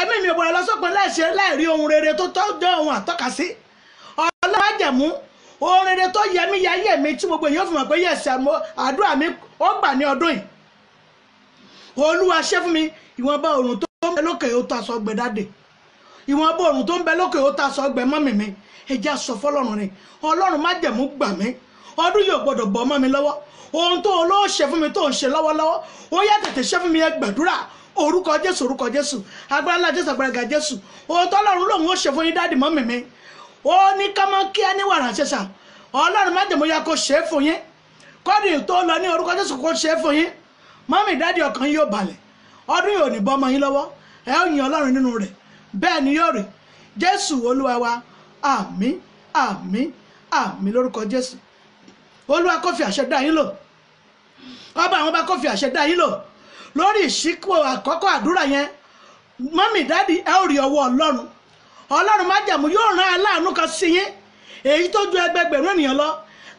ẹ̀mí mi ò bọ̀rọ̀ lọ́sọ̀pọ̀ láìṣe láìrí ohun rere tó tọ́jọ́ ohun àtọ́ka sí ọlọ́run májẹ̀mú ohun rere tó yẹ mí yáyé mi tí gbogbo èèyàn fi mọ̀ pé yẹ̀sì àdúrà mi ó gbà ní ọdún yìí olúwa ṣe fún mi ìwọ̀nba òrùn tó ń bẹ lókè ó ta sọ gbẹ dáde ìwọ̀nba òrùn tó ń bẹ lókè ó ta sọ gbẹ mọ́mì mi ẹ jẹ́ á sọ fọlọ́run ni ọlọ́run májẹ̀mú gbà mí ọdún yóò gbọ́dọ̀ bọ́ mọ́ mi lọ́wọ́ ohun tó olóòṣè fún mi tó ń ṣe lọ́wọ́lọ́wọ́ ó yá tètè ṣe fún mi ẹ gbàdúrà orúkọ jésù orúkọ jésù agbára ńlá jésù agbára ga jésù ohun tọ́lọ́run lòun ó ṣe fún yín dáàdì mọ́mì mi ó ní ká mọ́ kí ẹ ní wàrà ṣẹṣà ọlọ́run má jẹ̀mọ́ ya kó ṣe é fún yín kọ́ni tó lọ ní orúkọ jésù kó ṣe é fún yín mọ́mì dáàdì ọkàn yóò balẹ̀ ọdún yóò ní bọ́mọ yín lọ́wọ́ ẹ ó yin ọlọ́run nínú rẹ̀ bẹ́ẹ̀ ni yóò rí jésù olúwa wa àmín àmín àmín lórúkọ jésù olúwa kó fi àṣẹ dá yín lò ọba àwọn ọba kó fi àṣẹ dá yín lò lórí ìṣíkò àkọ́kọ́ àdúrà yẹn mọ́mì dáàdì ẹ ó rí ọwọ́ ọlọ́run ọlọ́run májẹ̀mú yóò rán aláàánú kan sí yín èyí tó ju ẹgbẹgbẹ̀rún ènìyàn lọ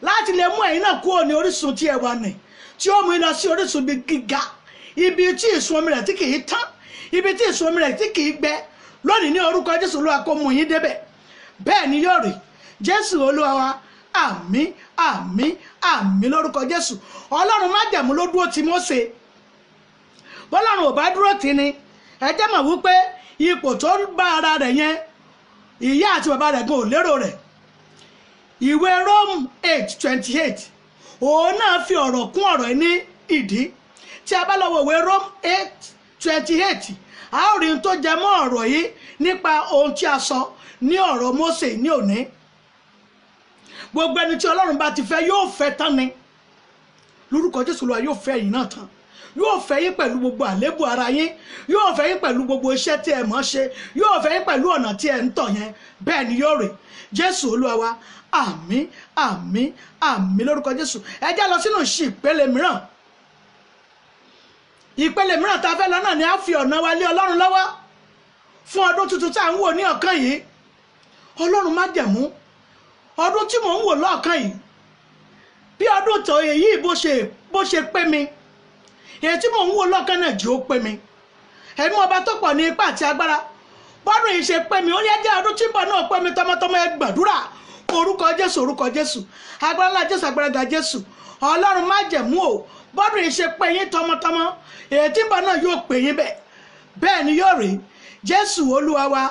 láti lè mú ẹ̀yin náà kúrò ní orísun tí ẹ wà nì tí ó mú iná sí orísun bí gíga ibi tí ìsun omi rẹ̀ tí kì í tán ibi tí ìsun omi rẹ̀ tí kì í gbẹ lónìí ní orúkọ jésù olúwa kó mú yín débẹ̀ bẹ́ẹ̀ ni yóò rí jésù olúwa wa àmín àmín àmín lórúkọ jésù ọlọ́run májẹ̀mú ló dúró ti Mósè bọ́lọ́run ò bá dúró tì ní ẹ jẹ́ mọ̀ wípé ipò tó bá ara rẹ̀ yẹn ìyá àti bàbá rẹ̀ gan ò lérò rẹ̀ ìwé Rome eight twenty eight òun náà fi ọ̀rọ̀ kún ọ̀rọ̀ ní ìdí tí a bá lọ wo ìwé Rome eight twenty eight a ó rí tó jẹ mọ́ ọ̀rọ̀ yìí nípa ohun tí a sọ ní ọ̀rọ̀ Mósè ní òní gbogbo ẹni tí Ọlọ́run bá ti fẹ́ yóò fẹ́ tán ni lórúkọ Jésù lọ́wọ́ yóò fẹ́ ẹ̀yìn náà tán yóò fẹ́ yín pẹ̀lú gbogbo àléébù ara yín yóò fẹ́ yín pẹ̀lú gbogbo iṣẹ́ tí ẹ mọ̀ ṣe yóò fẹ́ yín pẹ̀lú ọ̀nà tí ẹ ń tọ̀ yẹn bẹ́ẹ̀ ni yóò rè jésù olúwa wa àmín àmín àmín lórúkọ jésù ẹ já lọ sínú ìṣí ìpele mìíràn ìpele mìíràn tá a fẹ́ lọ náà ni a fi ọ̀nà wa lé ọlọ́run lọ́wọ́ fún ọdún tuntun tá à ń wò ní ọ̀kan yìí ọlọ́run má jẹ̀mú ọdún tí mò ń wò lọ́ọ̀kan yìí bí ọdún tó èyí bó ṣe bó ṣe pé mi èyí tí mò ń wò lọ́kàn náà jẹ́ ó pé mi ẹ̀mí ọba tó pọ̀ ní ipá àti agbára bọ́dún yìí ṣe pé mi ó yẹ jẹ́ ọdún tí ń bọ̀ náà pé mi tọmọtọmọ ẹ gbàdúrà orúkọ jésù orúkọ jésù agbára ńlá jésù agbára ga jésù ọlọ́run má jẹ̀mú o bọ́dún yìí ṣe pé yín tọmọtọmọ èyí tí ń bọ̀ náà yóò pè yín bẹ́ẹ̀ bẹ́ẹ̀ ni yóò rí jésù olúwa wa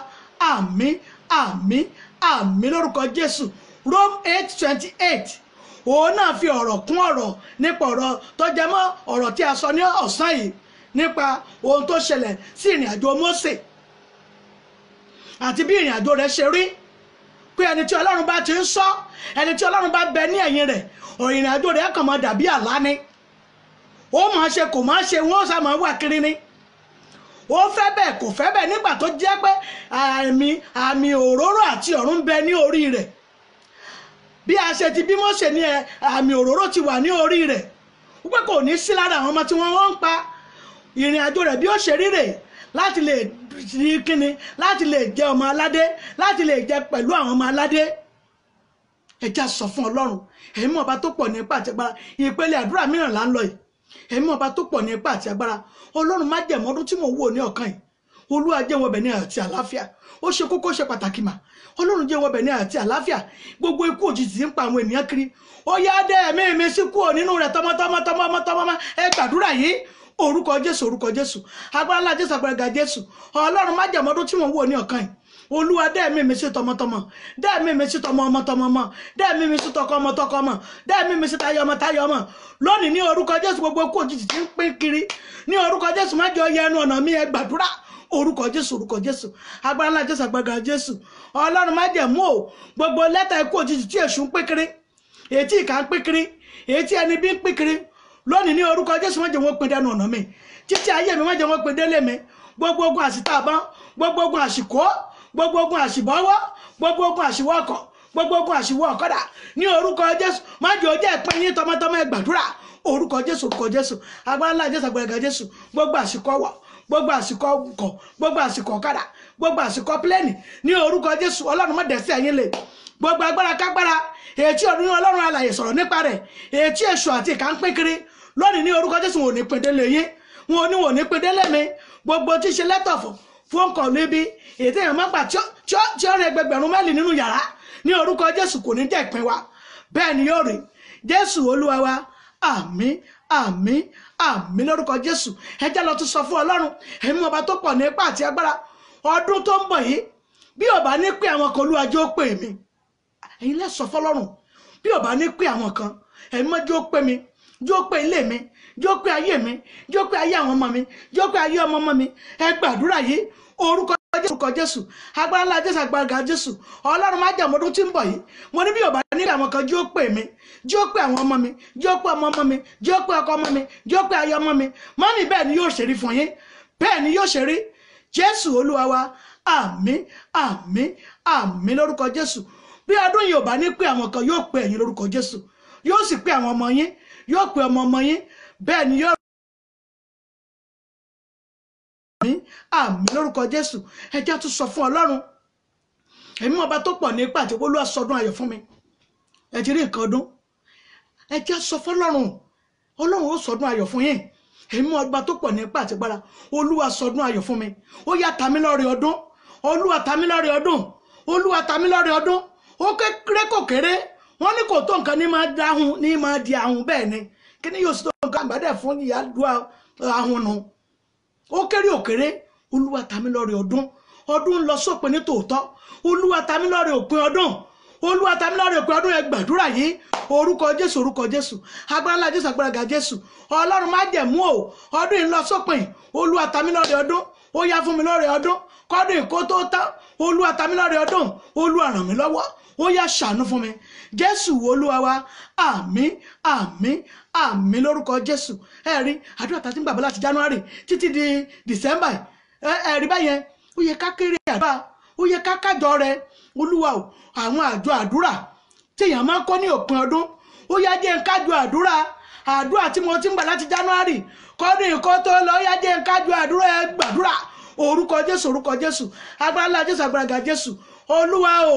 àmín àmín àmín lórúkọ jésù rome eight twenty eight òun náà fi ọ̀rọ̀ kún ọ̀rọ̀ nípa ọ̀rọ̀ tó jẹ mọ́ ọ̀rọ̀ tí a sọ ní ọ̀sán yìí nípa ohun tó ṣẹlẹ̀ sí ìrìn àjò Mósè àti bí ìrìn àjò rẹ̀ ṣe rí pé ẹni tí Ọlọ́run bá ti ń sọ ẹni tí Ọlọ́run bá bẹ ní ẹ̀yìn rẹ̀ ìrìn àjò rẹ̀ kàn máa dàbí àlá ni ó máa ṣe kò máa ṣe wọ́n sá máa wà kiri ni ó fẹ́ bẹ́ẹ̀ kò fẹ́ bẹ́ẹ̀ nígbà tó jẹ́ pé àmì àmì òróró àti ọ̀run bẹ ní orí rẹ̀ bí a ṣe ti bí Mósè ní ẹ àmì òróró ti wà ní orí rẹ̀ wípé kò ní sí lára àwọn ọmọ tí wọ́n wọ́n ń pa ìrìn àjò rẹ̀ bí ó ṣe rí rèé láti lè di kíni láti lè jẹ ọmọ aládé láti lè jẹ pẹ̀lú àwọn ọmọ aládé ẹ já sọ fún Ọlọ́run èyí mọ̀ ọba tó pọ̀ ní ipá àti agbára ìpele àdúrà mìíràn là ń lọ yìí èyí mọ̀ ọba tó pọ̀ ní ipá àti agbára Ọlọ́run má jẹ̀mọ́dún tí mò ń wò ní ọ̀kan yìí olúwa jẹ́ wọbẹ̀ ní àti àlàáfíà ó ṣe kókó ṣe pàtàkì mà ọlọ́run jẹ́ wọbẹ̀ ní àti àlàáfíà gbogbo ikú òjijì ti ń pa àwọn ènìyàn kiri ó yá dẹ́ ẹ̀mí mi sí kúrò nínú rẹ̀ tọmọtọmọ tọmọtọmọ ẹ gbàdúrà yìí orúkọ jésù orúkọ jésù agbára ńlá jésù agbára ga jésù ọlọ́run má jẹ̀mọ́dún tí wọ́n wò ní ọ̀kan yìí olúwa dẹ́ẹ̀mí mi sí tọmọtọmọ dẹ́ẹ̀mí mi sí tọmọ ọmọ tọmọ ọmọ dẹ́ẹ̀mí mi sí tọkọ ọmọ tọkọ ọmọ dẹ́ẹ̀mí mi sí tayọ ọmọ tayọ ọmọ lónìí ní orúkọ jésù gbogbo kú òjijì tí ń pín kiri ní orúkọ jésù má jẹ́ ọyẹ ẹnu ọ̀nà mi ẹ gbàdúrà orúkọ jésù orúkọ jésù agbára ńlá jésù agbára jésù ọlọ́run má jẹ̀mú o gbogbo lẹ́tà ikú òjijì tí èṣù ń pékiri ètí ìka ń pékiri ètí ẹni bí ń pékiri lónìí ní orúkọ jésù má jẹ́ wọ́n pin dẹnu ọ̀nà mi títí ayé mi má jẹ́ wọ́n pin délé mi gbogbo ogun àsìtàbọ̀n gbogbo ogun àsìkò gbogbo ogun àsìbọ́wọ́ gbogbo ogun àsìwọ́kọ̀ gbogbo ogun àsìwọ́ ọ̀kadà ní orúkọ jésù má jẹ́ ó jẹ́ ìpín yín tọmọtọmọ ẹ gbàdúrà orúkọ jésù orúkọ jésù agbára ńlá jésù àgbàlagbà jésù gbogbo àsìkò ọkọ̀ gbogbo àsìkò ọ̀kadà gbogbo àsìkò pílẹ́ẹ̀nì ní orúkọ jésù ọlọ́run má dẹ̀ sí ẹ̀yin lè gbogbo agbára kágbára ètí ọdún ọlọ́run alàyè sọ̀rọ̀ nípa rẹ̀ ètí èṣù àti ìka ń pín kiri lónìí ní orúkọ jésù wọn ò ní pèdélé yín wọn ò ní wọn ò ní pèdélé mi gbogbo tí ṣe lẹ́tọ̀fọ̀ fún kọ̀ níbi ètí èèyàn mọ́gbà tí ó rẹ gbẹgbẹ̀rún mẹ́lì nínú yàrá ní orúkọ jésù kò ní jẹ́ ìpín wa bẹ́ẹ̀ ni yóò rí jésù olúwa wa àmín àmín àmì lórúkọ jésù ẹ jẹ́ lọ tún sọ fún ọlọ́run ẹ̀mí ọba tó pọ̀ ní ipá àti agbára ọdún tó ń bọ̀ yìí bí ọba ní pé àwọn kan olúwàjọ́ pè mí ẹ̀yin lẹ́sọ̀ fọlọ́run bí ọba ní pé àwọn kan ẹ̀mí ọjọ́ pè mí jọ́ pé ilé mi jọ́ pé ayé mi jọ́ pé ayé àwọn ọmọ mi jọ́ pé ayé ọmọ ọmọ mi ẹ gbàdúrà yìí orúkọ orúkọ jésù agbára ńlá jésù agbára jésù ọlọ́run má jẹ̀mọ́ ọdún tí ń bọ̀ yìí mo ní bí yorùbá nílẹ̀ àwọn kan jí ó pè mí jí ó pè àwọn ọmọ mi jí ó pè ọmọ ọmọ mi jí ó pè ọkọ ọmọ mi jí ó pè ayé ọmọ mi mọ́mì bẹ́ẹ̀ ni yóò ṣe rí fún yín bẹ́ẹ̀ ni yóò ṣe rí jésù olúwa wa àmín àmín àmín lórúkọ jésù bí ọdún yìí ò bá ní pé àwọn kan yóò pè ẹ̀yin lórúkọ jésù yóò sì pè àwọn ọmọ yín yóò pè ọmọ ọmọ yín bẹ́ẹ̀ ni yóò àmì lórúkọ jésù ẹ jẹ́ tún sọ fún ọlọ́run èmi ọba tó pọ̀ ní ipa àti olúwa sọdún ayọ̀ fún mi ẹ ti rí nǹkan ọdún ẹ jẹ́ sọ fọlọ́run ọlọ́run ó sọdún ayọ̀ fún yín èmi ọba tó pọ̀ ní ipa àti gbára olúwa sọdún ayọ̀ fún mi ó yá tàmí lọ́rẹ ọdún olúwa tàmí lọ́rẹ ọdún olúwa tàmí lọ́rẹ ọdún ó kéré kò kéré wọ́n ní kò tó nǹkan ní máa dáhùn ní máa di àhùn bẹ́ẹ̀ ni kí ni yóò sì tó nǹkan àgbàdẹ fún ìyá dùn àhùn nù ó kéré òkéré olúwatamílọ́rẹ ọdún ọdún ń lọ sópin ní tòótọ́ olúwatamílọ́rẹ òpin ọdún olúwatamílọ́rẹ òpin ọdún ẹ gbàdúrà yìí orúkọ jésù orúkọ jésù agbára ńlá jésù agbára ga jésù ọlọ́run má jẹ̀mú o ọdún yìí ń lọ sópin olúwatamílọ́rẹ ọdún ó yá fún mi lọ́rẹ ọdún kọ́dún ìkó tó tán olúwatamílọ́rẹ ọdún olúwa ràn mí lọ́wọ́ ó yá ṣàánú fún mi jésù olúwa wa àmín àmín àmín lórúkọ jésù ẹ rí àdúrà tá a ti ń gbàgbọ́ láti january títí di december ẹ̀rí báyẹn ó yẹ ká kéré àdúrà ó yẹ ká kájọ rẹ olúwa o àwọn àjọ àdúrà téèyàn máa ń kọ́ ní òpin ọdún ó yá jẹ́ ń kájọ àdúrà àdúrà tí mo ti ń gbà láti january kọ́dún nǹkan tó lọ ó yá jẹ́ ń kájọ àdúrà ẹ gbàdúrà orúkọ jésù orúkọ jésù agbára ńlá jésù agbára ga jésù olúwa o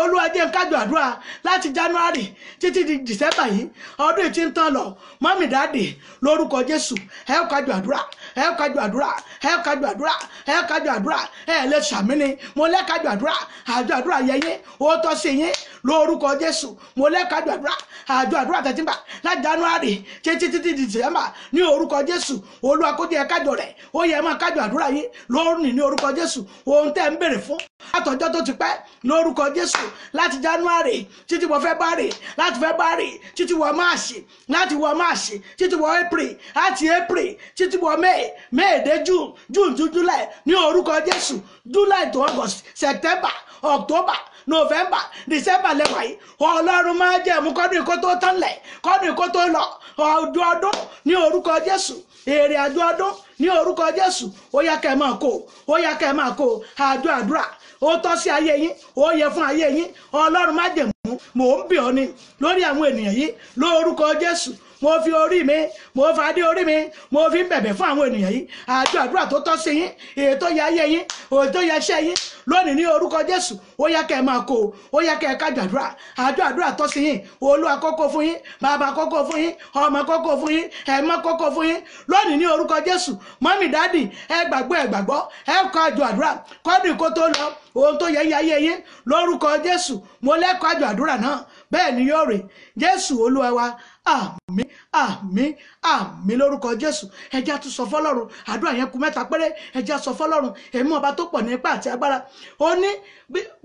olúwa jẹ́ ń kájọ àdúrà láti january títí di december yìí ọdún yìí ti ń tán lọ mọ́mì dáàdì lórúkọ jésù ẹ kájọ àdúrà ẹ kájú àdúrà ẹ kájú àdúrà ẹ kájú àdúrà ẹ lè sàmì ni mo lè kájú àdúrà àjọ àdúrà yẹ yín ó tọ́ sí yín lórúkọ jésù mo lè kájú àdúrà àjọ àdúrà tẹ̀tí bá láti january títí títí december ní orúkọ jésù olúwa kó jẹ́ ẹ kájọ rẹ̀ ó yẹ máa kájú àdúrà yín lórúnì ní orúkọ jésù ohun tẹ́ ń béèrè fún látọjọ́ tó ti pẹ́ lórúkọ jésù láti january títí wọ february láti february títí wọ march láti wọ march títí wọ april láti april títí wọ may may èdè june june to july ní orúkọ jésù july to august september october november december lẹ́wọ̀n yìí ọlọ́run máa jẹ̀mú kọ́dún ìkó tó tán lẹ̀ kọ́dún ìkó tó lọ ọdún ọdún ní orúkọ jésù èrè àjọ ọdún ní orúkọ jésù ó yá kẹ́ máa kó ó yá kẹ́ máa kó àjọ àdúrà ó tọ́ sí ayé yín ó yẹ fún ayé yín ọlọ́run má jẹ̀mú mò ń bẹ̀ ọ́ ni lórí àwọn ènìyàn yìí lórúkọ jésù mo fi orí mi mo fadé orí mi mo fi ń bẹ̀bẹ̀ fún àwọn ènìyàn yìí àjọ àdúrà tó tọ́ sí yín èyí tó yẹ ayé yín èyí tó yẹ iṣẹ́ yín lónìí ní orúkọ jésù ó yẹ kẹ́ ẹ máa kó ó yẹ kẹ́ ẹ kájọ àdúrà àjọ àdúrà tọ́ sí yín olúwa kọ́kọ́ fún yín bàbá kọ́kọ́ fún yín ọmọ kọ́kọ́ fún yín ẹ̀mọ́ kọ́kọ́ fún yín lónìí ní orúkọ jésù mọ́mì dáàdì ẹ gbàgbọ́ ẹ gbàgbọ́ ẹ kọ́ àjọ àdúrà kọ́dùn kó tó lọ ohun tó yẹ yáyé yín lórúkọ jésù mo lẹ́kọ̀ọ́ àjọ àdúrà náà bẹ́ẹ̀ ni yóò rè jésù olúwa àmín àmín àmín lórúkọ jésù ẹjẹ́ tún sọ fọlọ́run àdúrà yẹn kù mẹ́ta péré ẹjẹ́ sọ fọlọ́run èmi ọba tó pọ̀ ní ipá àti agbára ó ní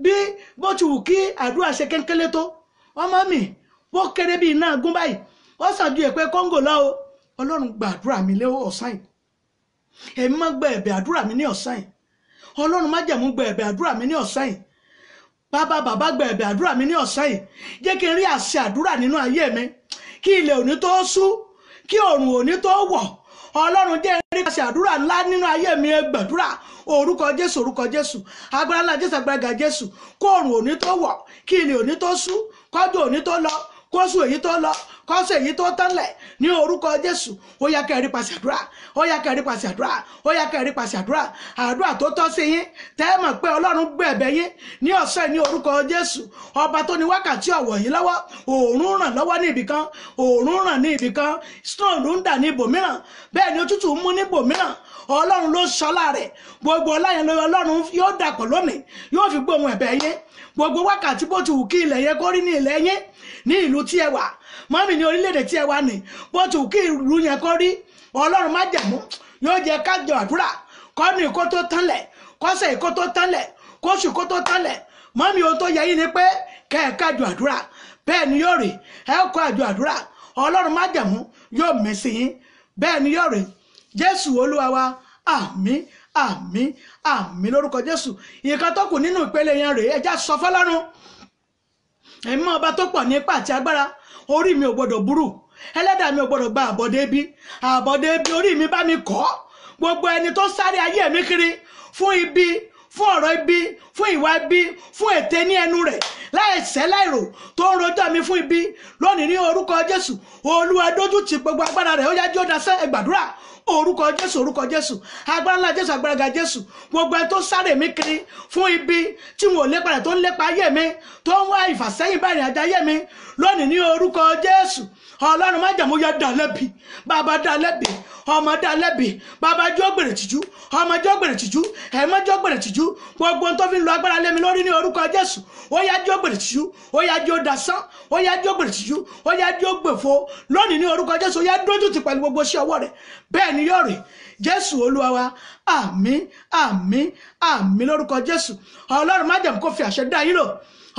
bí bó ti wù kí àdúrà ṣe kéńkélé tó ọmọ mi bó kéré bí iná agún báyìí ó sàn ju èpè kóńgò lọ o ọlọ́run gba mi lé ọ̀sán yìí èmi máa gba ẹ̀bẹ̀ àdúrà mi ní ọ̀sán yìí ọlọ́run má jẹ̀mú gba ẹ̀bẹ̀ àdúrà mi ní ọ̀sán yìí bàbá bàbá gba ẹ̀bẹ̀ àdúrà mi ní ọ̀sán yìí jẹ́ kí n rí àṣẹ àdúrà nínú ayé mi kí ilẹ̀ òní tó ṣú kí òòrùn òní tó wọ̀ ọlọ́run jẹ́ eré kí a ṣe àdúrà ńlá nínú ayé mi ẹ gbàdúrà orúkọ jésù orúkọ jésù agbára ńlá jésù agbára ga jésù kóòrùn òní tó wọ̀ kí ilẹ̀ òní tó ṣú kọ́jú òní tó lọ kóṣù èyí tó lọ kọ́sẹ̀ yìí tó tán lẹ̀ ní orúkọ jésù ó yá kẹrí pàṣẹ àdúrà ó yá kẹrí pàṣẹ àdúrà ó yá kẹrí pàṣẹ àdúrà àdúrà tó tọ́ sí yín tẹ́ ẹ mọ̀ pé ọlọ́run gbọ́ ẹ̀bẹ̀ yín ní ọ̀sẹ̀ ní orúkọ jésù ọba tó ní wákàtí ọ̀wọ̀ yìí lọ́wọ́ òòrùn ràn lọ́wọ́ ní ibìkan òòrùn ràn ní ibìkan snow ń dà ní ibòmíràn bẹ́ẹ̀ ni òtútù ń mú ní ibòmíràn ọlọ́run ló sọlá rẹ̀ gbogbo ọláyẹn lórí ọlọ́run yóò dàpọ̀ lónìí yóò fi gbóhùn ẹ̀bẹ̀ yín gbogbo wákàtí bó ti wù kí ilẹ̀ yẹn kó rí ní ilẹ̀ yín ní ìlú tí ẹ wà mọ́mì ní orílẹ̀-èdè tí ẹ wá ní bó ti kí ìlú yẹn kọ́ rí ọlọ́run má jẹ̀mú yóò jẹ́ kájọ àdúrà kọ́ ní ikó tó tánlẹ̀ kọ́sẹ̀ ikó tó tánlẹ̀ kóṣù ikó tó tánlẹ̀ mọ́mì ohun tó yẹ yín ni pé kẹ́ ẹ kájọ àdúrà bẹ́ẹ̀ ni yóò rí ẹ kọ́ àjọ àdúrà ọlọ́run má jẹ̀mú yóò mẹ́sì yín bẹ́ẹ̀ ni yóò rí jésù olúwa wa àmín àmín àmín lórúkọ jésù nǹkan tó kù nínú ìpele yẹn rèé ẹjá sọ fọlọ́run ẹ̀mí ọba tó pọ̀ ní ipá àti agbára orí mi ò gbọ́dọ̀ burú ẹlẹ́dàá mi ò gbọ́dọ̀ gba àbọ̀dé bí àbọ̀dé bí orí mi bá mi kọ́ gbogbo ẹni tó sáré ayé mi kiri fún ibi fún ọ̀rọ̀ ibi fún ìwà ibi fún ète ní ẹnu rẹ̀ láìsẹ́ láìrò tó ń rojọ́ mi fún ibi lónìí ní orúkọ Jésù Olúwa dójú tì gbogbo agbára rẹ̀ ó yá jí ó dasẹ́ ẹgbàdúrà orúkọ jésù orúkọ jésù agbára ńlá jésù agbára ga jésù gbogbo ẹni tó sáré mi kiri fún ibi tí wọn ò lépa rẹ̀ tó ń lépa ayé mi tó ń wá ìfàsẹ́yìn bá ìrìn àjò ayé mi lónìí ní orúkọ jésù ọlọ́run má jàmú yọ dá lẹ́bi bàbá dá lẹ́bi ọmọ dá lẹ́bi bàbá jọ́ gbèrè tìjú ọmọ jọ́ gbèrè tìjú ẹ̀mọ́ jọ́ gbèrè tìjú gbogbo tó fi ń agbára lé mi lórí ní orúkọ jésù ó yá jọ́ gbèrè tìjú ó yá jọ́ dasán ó yá jọ́ gbèrè tìjú ó yá jọ́ gbèfo lónìí ní orúkọ jésù ó yá dójú ti pẹ̀lú gbogbo iṣẹ́ ọwọ́ rẹ̀ bẹ́ẹ̀ bẹ́ẹ̀ ni yóò rí jésù olúwa wa àmín àmín àmín lórúkọ jésù ọlọ́run májẹ̀mú kó fi àṣẹ dá yín lò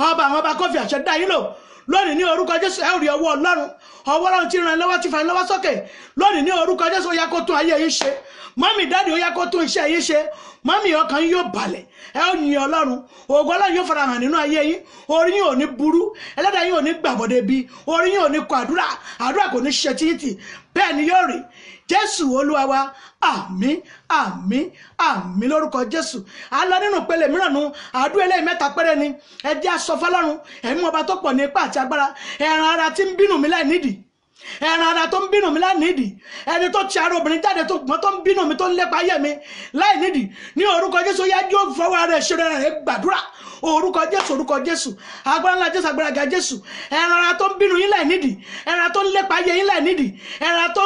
ọba àwọn ọba kó fi àṣẹ dá yín lò lónìí ní orúkọ jésù ẹ ò rí ọwọ́ ọlọ́run ọwọ́ ọlọ́run ti ràn lọ́wọ́ ti fà lọ́wọ́ sókè lónìí ní orúkọ jésù ó yá kó tún ayé yín ṣe mọ́mì dáàdì ó yá kó tún iṣẹ́ yín ṣe mọ́mì ọkàn yín yóò balẹ̀ ẹ ó yin ọlọ́run ògo ọlọ́run yóò fara hàn nínú ayé yín orí yín ò ní burú ẹlẹ́dàá yín ò ní gbàbọ̀dẹ̀ bí orí yín ò ní kọ àdúrà àdúrà kò ní ṣe títì bẹ́ẹ̀ ni yóò rí jésù olúwa wa àmín àmín àmín lórúkọ jésù a lọ nínú ìpele mìíràn nu àdúrà eléyìí mẹ́ta péré ni ẹ jẹ́ aṣọ fọlọ́run ẹ̀mí ọba tó pọ̀ ní ipá àti agbára ẹran ara tí ń bínú mi láì nídìí ẹran ara tó ń bínú mi láì nídìí ẹni tó ti ara obìnrin jáde tó gbọ́n tó ń bínú mi tó ń lépa ayé mi láì nídìí ní orúkọ jésù yájú fọwọ́ ara ẹ̀ ṣe rẹ̀ gbàdúrà orúkọ jésù orúkọ jésù agbára ńlá jésù agbára ga jésù ẹ̀rọra tó ń bínú yín láì nídìí ẹ̀rọra tó ń lépa ayé yín láì nídìí ẹ̀rọra tó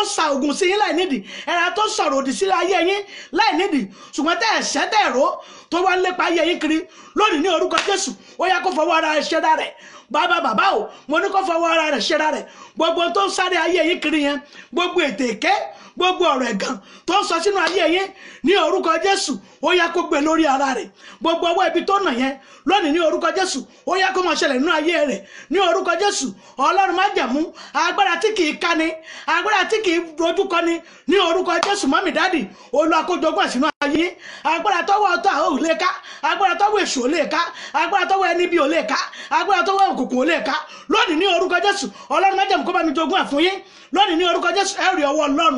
ń sa ògùn sí yín láì nídìí ẹ̀rọra tó ń sọ̀rọ̀ òdì sí ayé yín láì nídìí ṣùgbọ́n tẹ́ ẹ̀ṣẹ́ tẹ́ ẹ̀rọ tó wá ń lépa ayé yín kiri lónìí ní orúkọ jésù ó yá kó fọwọ́ ara ẹ̀ṣẹ́ dá rẹ̀ bàbá bàbá o mo ní kó fọwọ́ ara rẹ̀ ṣẹ́ra rẹ̀ gbogbo tó ń sáré ayé yín kiri yẹn gbogbo ètè ìké gbogbo ọ̀rọ̀ ẹ̀gàn tó ń sọ sínú ayé yẹn ní orúkọ jésù ó yá kó gbé lórí ara rẹ̀ gbogbo ọwọ́ ibi tó nà yẹn lónìí ní orúkọ jésù ó yá kó máa ṣẹlẹ̀ nínú ayé rẹ̀ ní orúkọ jésù ọlọ́run má jẹ̀mú agbára tí kìí kani agbára tí kìí dojúkọ ni ní orúkọ jésù mọ́mí dáàdì olú akójọgbọ́n sínú ayé agbára tọ́wọ́ ọ̀tá ò lè ká agbára tọ́wọ́ èṣù ò lè ká agbára tọ́wọ́ ẹni bí ò lè ká agbára tọ́wọ́ òkùnkùn ò lè ká lónìí ní orúkọ jésù ọlọ́run májẹ̀mú kó bá mi jogún ẹ̀ fún yín lónìí ní orúkọ jésù ẹ rí ọwọ́ ọlọ́run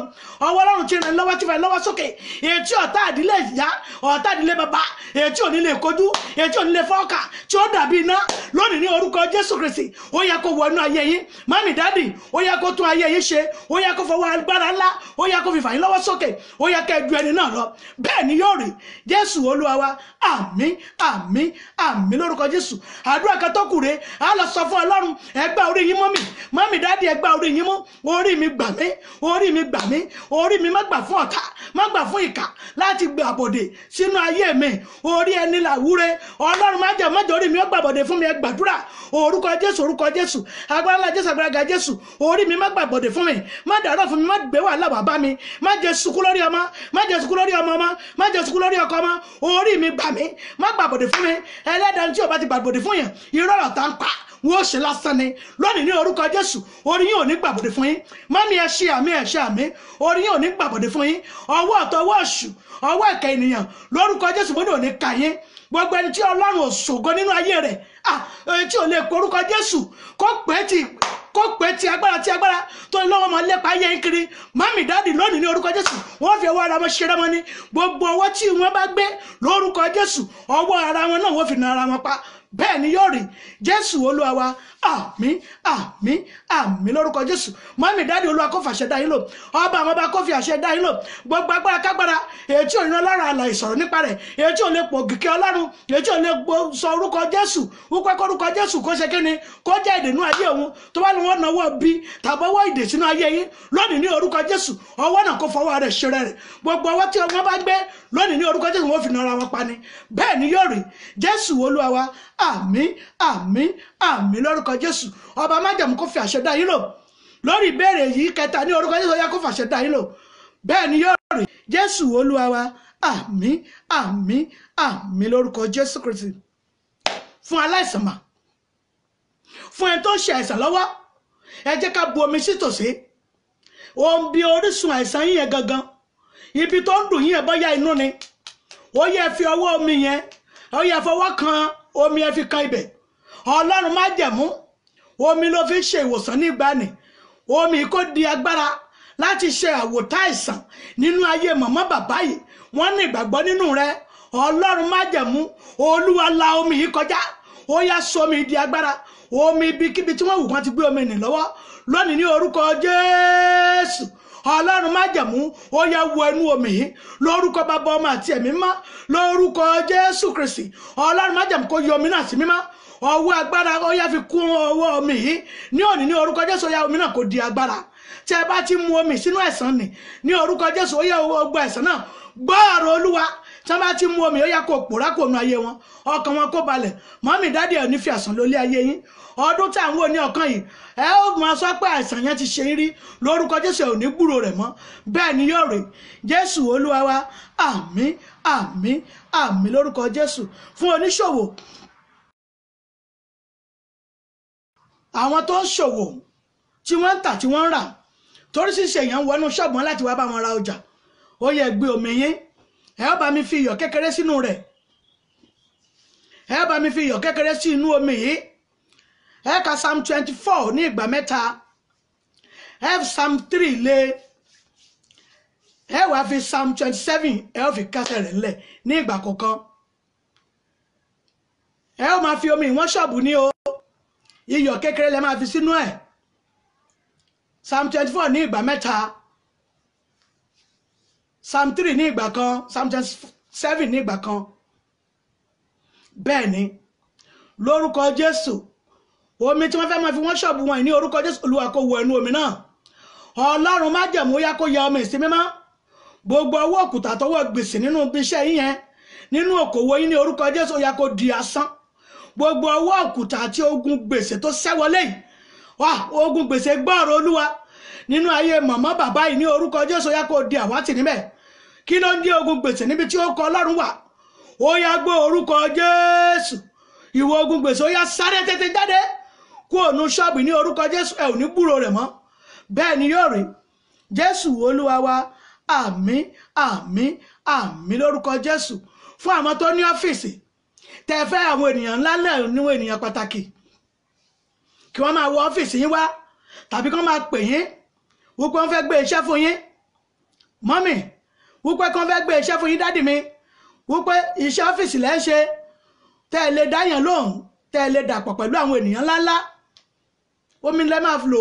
ọwọ́ ọlọ́run ti ràn lọ́wọ́ ti fẹ́ lọ́wọ́ sókè ètí ọ̀tá àdílé ìyá ọ̀tá àdílé bàbá ètí ò lè kojú ètí ò lè fọ́ọ̀kà tí ó dàbí iná lónìí ní orúkọ jésù kristi ó yẹ kó wọnú ayé yín mami dadi ó yẹ kó tún ayé yín ṣe ó yẹ kó fọwọ́ agbára ńlá ó yẹ kó fìfà yín lọ́wọ́ sókè ó yẹ kó ẹ bẹ́ẹ̀ ni yóò rí jésù olúwa wa àmín àmín àmín lórúkọ jésù àdúrà kan tó kù rèé a lọ sọ fún ọlọ́run ẹgbà orí yín mọ́ mi mọ́mì dáàdì ẹgbà orí yín mọ́ orí mi gbà mí orí mi gbà mí orí mi má gbà fún ọ̀tá má gbà fún ìkà láti gbà bòdè sínú ayé mi orí ẹni làwúre ọlọ́run má jẹ́ mọ́jọ orí mi ó gbà bòdè fún mi ẹ gbàdúrà orúkọ jésù orúkọ jésù agbára jésù agbára jésù orí mi má gbà bòdè fún mi má dàrọ̀ fún mi má gbé wàhálà wà bá mi má jẹ́ sunkún lórí ọmọ má jẹ́ sunkún lórí ọmọ ọmọ má jẹ́ sunkún lórí ọkọ mọ́ orí mi gbà mí má gbàbọ̀dẹ̀ fún mi ẹlẹ́dàá tí o bá ti gbàbọ̀dẹ̀ fún yàn irọ́ ọ̀tá ń pa wọ́n ṣe lásán ni lónìí ní orúkọ jésù orí yóò ní gbàbọ̀dẹ̀ fún yín mọ́mí ẹ ṣe àmì ẹ ṣe àmì orí yóò ní gbàbọ̀dẹ̀ fún yín ọwọ́ ọ̀tọ̀ ọwọ́ ọ̀ṣù ọwọ́ ẹ̀kẹ́ ènìyàn lórúkọ jésù gbọ́dọ̀ ní ka yín gbogbo ẹni tí ọlọ́run ò ṣògo nínú ayé rẹ̀ ah tí ò lè pe orúkọ jésù kó pẹ́ ti kó pé ti agbára ti agbára tó ní lọ́wọ́ máa lépa ayé ń kiri mami dáàdì lónìí ní orúkọ jésù wọ́n fi ọwọ́ ara wọn ṣe rẹ́mọ́ ní gbogbo ọwọ́ tí wọ́n bá gbé lórúkọ jésù ọwọ́ ara wọn náà wọ́n fi na ara wọn pa bẹ́ẹ̀ ni yóò rí jésù olúwa wa àmín àmín àmín lórúkọ jésù mọ́mí dáàdi olúwa kó fàṣẹ dá yín lò ọba àwọn ọba kó fi àṣẹ dá yín lò gbogbo agbára kágbára èyí tí òyìnbó ọlọ́run àlà ìsọ̀rọ̀ nípa rẹ̀ èyí tí ò lè pò gìkì ọlọ́run èyí tí ò lè sọ orúkọ jésù wípé kórúkọ jésù kó ṣe kíni kó jẹ́ ìdènú ayé òun tó bá ní wọ́n náwó bí tàbí ọwọ́ ìdè sínú ayé yín lónìí ní orúkọ jésù ọwọ́ náà kó fọwọ́ rẹ̀ ṣe rẹ̀ gbogbo ọwọ́ tí wọ́n bá gbé lónìí ní orúkọ jésù wọ́n fi nara wọn pa bẹ́ẹ̀ ni yóò rí jésù olúwa wa àmín àmín àmín lórúkọ jésù ọba májàmú kó fi àṣẹ dá yín lò lórí ìbéèrè yìí kẹta ní orúkọ jésù ọyá kó fàṣẹ dá yín lò bẹ́ẹ̀ ni yóò rí jésù olúwa wa àmín àmín àmín lórúkọ jésù kristi fún aláìsàn mà fún ẹni tó ń ṣe àìsàn lọ́wọ́ ẹ jẹ́ ká bu omi sí tòsí òun bí orísun àìsàn yín yẹn gangan ibi tó ń dùn yín yẹn bóyá inú ni ó yẹ fi ọwọ́ omi yẹn ó yẹ fọwọ́ kan omi ẹ fi kan ibẹ̀ ọlọ́run má jẹ̀mú omi ló fi ṣe ìwòsàn nígbàanì omi kò di agbára láti ṣe àwòtá àìsàn nínú ayé mọ̀mọ́ bàbá yìí wọ́n ní ìgbàgbọ́ nínú rẹ ọlọ́run má jẹ̀mú olúwa la omi yìí kọjá ó yá sómi di agbára omi ibikíbi tí wọ́n wù wọ́n ti gbé omi nì lọ́wọ́ lónìí ní orúkọ jésù ọlọ́run májẹ̀mú ó yẹ wọ ẹnu omi yìí lórúkọ bàbá ọmọ àti ẹ̀mí mímọ́ lórúkọ jésù kristi ọlọ́run májẹ̀mú kó yọ omi náà sí mímọ́ ọwọ́ agbára ó yẹ fi kún ọwọ́ omi yìí ní òní ní orúkọ jésù ó yẹ omi náà kó di agbára tẹ bá ti mu omi sínú ẹ̀sán ni ní orúkọ jésù ó yẹ gbogbo ẹ̀sán náà gbọ́ ọ̀rọ̀ olúwa tí wọ́n bá ti mú omi ó yẹ kó pòórá kó nu ayé wọn ọkàn wọn kó balẹ̀ mọ́mì dádì ẹ̀ ò ní fi àìsàn lólé ayé yín ọdún tí à ń wò ní ọkàn yìí ẹ ó máa sọ pé àìsàn yẹn ti ṣe ń rí lórúkọ jésù ò ní gbúrò rẹ̀ mọ́ bẹ́ẹ̀ ni yóò rè jésù olúwa wa àmín àmín àmín lórúkọ jésù fún oníṣòwò àwọn tó ń ṣòwò tí wọ́n ń tà tí wọ́n ń rà torí ṣíṣe èèyàn wọnú ṣọ́ọ̀bù wọn láti wá bá wọn ra ọjà ó yẹ gbé omi yín ẹ ó bá mi fi iyọ̀ kékeré sínú rẹ̀ ẹ ó bá mi fi iyọ̀ kékeré sí inú omi yìí ẹ ka psalm twenty four ní ìgbà mẹ́ta ẹ psalm three lé ẹ wàá fi psalm twenty seven ẹ ó fi kásẹ̀ rẹ̀ ńlẹ̀ ní ìgbà kọ̀ọ̀kan ẹ ó máa fi omi ìwọ́n ṣọ̀bù ní o iyọ̀ kékeré lẹ máa fi sínú ẹ̀ psalm twenty four ní ìgbà mẹ́ta psalm three ní ìgbà kan psalm seven ní ìgbà kan bẹ́ẹ̀ ni lórúkọ jésù omi tí wọ́n fẹ́ máa fi wọ́n ṣọ̀bù wọn ní orúkọ jésù olúwa kó wọ ẹnu omi náà ọlọ́run má jẹ̀mú yá kó ya ọmọ ìsìn mímọ́ gbogbo ọwọ́ òkúta tọwọ́ gbèsè nínú ibi iṣẹ́ yín yẹn nínú òkòwò yín ní orúkọ jésù ya kó di asán gbogbo ọwọ́ òkúta àti ogun gbèsè tó ṣẹ́wọlé yìí wá ogun gbèsè gbọ́ọ̀rọ̀ olúwa nínú ayé màmá bàbá yìí ní orúkọ jésù ya kó di àwátì níbẹ̀ kí ló ń jẹ́ ogun gbèsè níbi tí orúkọ ọlọ́run wà ó yá gbé orúkọ jésù ìwọ ogun gbèsè ó yá sáré tètè jáde kú ònú ṣọ́ọ̀bù ní orúkọ jésù ẹ ò ní gbúrò rẹ̀ mọ́ bẹ́ẹ̀ ni yóò rí jésù olúwa wa àmín àmín àmín lórúkọ jésù fún àwọn tó ní ọ́fíìsì tẹ́ fẹ́ àwọn ènìyàn ńlá náà níwọ̀n ènìyàn pàtàkì kí wọ́n máa wọ ọ́fíìsì yín wá tàbí kí wọ́n máa pè yín wọ́n fẹ́ gbé iṣẹ́ fún yín mọ́mì wípé kán fẹ́ gbé iṣẹ́ fún yín dádì mi wípé iṣẹ́ ọ́fíìsì lẹ́ ń ṣe tẹ́ ẹ lè dáyàn lóhùn tẹ́ ẹ lè dàpọ̀ pẹ̀lú àwọn ènìyàn ńláńlá omi lẹ́ máa lò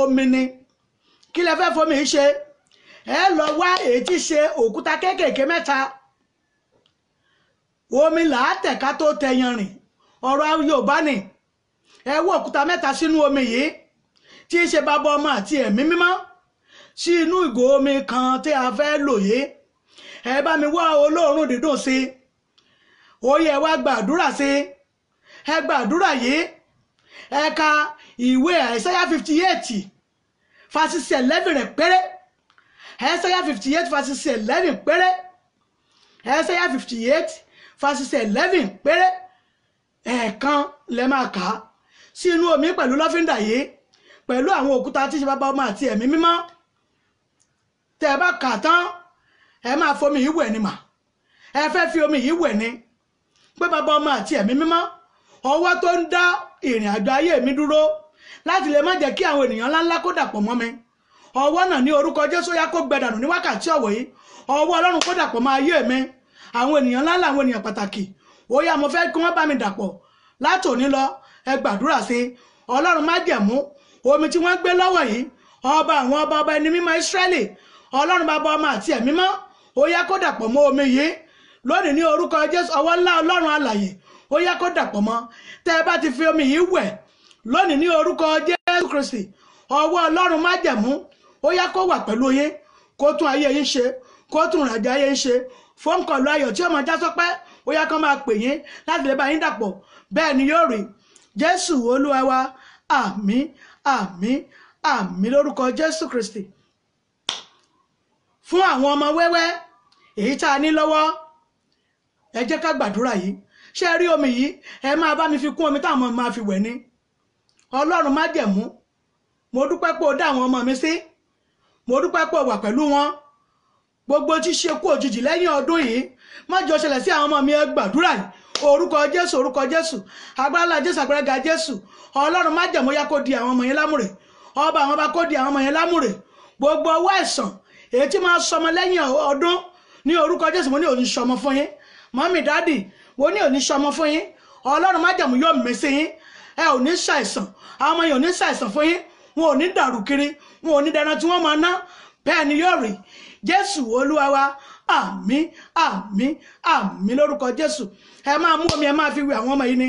omi ni kí lẹ fẹ́ fomi ṣe ẹ lọ wá èyí tí ṣe òkúta kéékèèké mẹ́ta omi làá tẹ̀ka tó tẹyan rìn ọ̀rọ̀ Yorùbá ni ẹ wọ òkúta mẹ́ta sínú omi yìí tí í ṣe bàbá ọmọ àti ẹ̀mí mímọ́ sí inú ìgò omi kan tí a fẹ́ lòye ẹ bá mi wá olóòórùn dídùn sí i ó yẹ wá gbàdúrà sí i ẹ gbàdúrà yìí ẹ ka ìwé àìsáyà fifty eight fasisi eleven rẹ̀ péré àìsáyà fifty eight fasisi eleven péré àìsáyà fifty eight fasisi eleven péré ẹ̀ẹ̀kan lẹ máa kà á sí inú omi pẹ̀lú lọ́fíńdà yìí pẹ̀lú àwọn òkúta tí ṣe bàbá ọmọ àti ẹ̀mí mímọ́ tẹ́ ẹ bá kà tán ẹ máa fomi yìí wẹ̀ ni mà ẹ fẹ́ fi omi yìí wẹ̀ ni pé bàbá ọmọ àti ẹ̀mí mímọ́ ọwọ́ tó ń dá ìrìn àjò ayé mi dúró láti lè má jẹ́ kí àwọn ènìyàn ńláńlá kó dàpọ̀ mọ́ mi ọwọ́ náà ní orúkọ Jésù yá kó gbẹ dànù ní wákàtí ọ̀wọ̀ yìí ọwọ́ Ọlọ́run kó dàpọ̀ mọ́ ayé mi àwọn ènìyàn ńláńlá àwọn ènìyàn pàtàkì ó yá mo fẹ́ kí wọ́n bá mi dàpọ̀ láti òní lọ ẹ gbàdúrà sí Ọlọ́run má jẹ̀mú omi tí wọ́n gbé lọ́wọ́ yìí ọba àwọn ọba ọba ẹni mímọ́ Ísírẹ́lì ọlọ́run bàbá ọmọ àti ẹ̀mí mọ́ ó yá kó dàpọ̀ mọ́ omi yìí lónìí ní orúkọ jésù ọwọ́ ńlá ọlọ́run alàyè ó yá kó dàpọ̀ mọ́ tẹ́ ẹ bá ti fi omi yìí wẹ̀ lónìí ní orúkọ jésù kristi ọwọ́ ọlọ́run májẹ̀mú ó yá kó wà pẹ̀lú yín kó tún ayé yín ṣe kó tún ìrìnàjò ayé yín ṣe fóun kọlu ayọ̀ tí ọmọ já sọpẹ́ ó yá kó máa pè yín láti lè bá yín dàpọ̀ bẹ́ẹ̀ ni yóò rí jésù olúwa wa àmín àmín àmín lórúkọ jésù kristi fún àwọn ọmọ wẹ́wẹ́ èyí tá a ní lọ́wọ́ ẹ jẹ́ ká gbàdúrà yìí ṣé rí omi yìí ẹ máa bá mi fi kún omi táwọn ọmọ máa fi wẹ̀ ni ọlọ́run má jẹ̀mú mo dúpẹ́ pé o dá àwọn ọmọ mi sí mo dúpẹ́ pé o wà pẹ̀lú wọn gbogbo tí ṣe kú òjijì lẹ́yìn ọdún yìí má jọ ṣẹlẹ̀ sí àwọn ọmọ mi ẹ gbàdúrà yìí orúkọ jésù orúkọ jésù agbára jésù agbára ga jésù ọlọ́run má jẹ̀mú ya kó di àwọn ọmọ yẹn lámùrè ọba àwọn ọba kó di àwọn ọmọ yẹn lámùrè gbogbo ọwọ́ ẹ̀sán èyí tí máa sọmọ lẹ́yìn ọdún ní orúkọ jésù mo ní òní sọmọ fún yín mọ́mí dádì mo ní òní sọmọ fún yín ọlọ́run májẹ̀mú yóò mèsì yín ẹ ò ní ṣàìsàn àwọn ọmọ yìí ò ní ṣàìsàn fún yín wọn ò ní dàrú kiri wọn ò ní dẹran tí wọ́n máa ná bẹ́ẹ̀ ni yóò rí jésù olúwa wa àmín àmín àmín lórúkọ jésù ẹ máa mú omi ẹ máa fi wẹ àwọn ọmọ yìí ni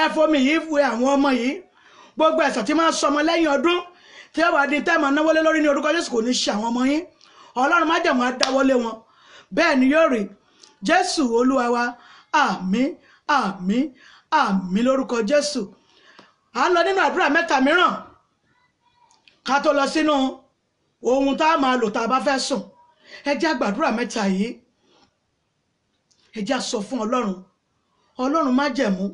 ẹ fomi yìí wẹ àwọn ọmọ yìí gbogbo ẹ̀sán tí máa sọmọ lẹ́yìn ọdún tí ẹ wà dín tẹ́ẹ̀mọ̀ náwó lé lórí ní orúkọ jésù kò ní ṣe àwọn ọmọ yín ọlọ́run májẹ̀mú adáwọlé wọn bẹ́ẹ̀ ni yóò rí jésù olúwa wa àmín àmín àmín lórúkọ jésù à ń lọ nínú àdúrà mẹ́ta mìíràn ká tó lọ sínú ohun tá a máa lò tá a bá fẹ́ sùn ẹ jẹ́ àgbàdúrà mẹ́ta yìí ẹ jẹ́ sọ fún ọlọ́run ọlọ́run májẹ̀mú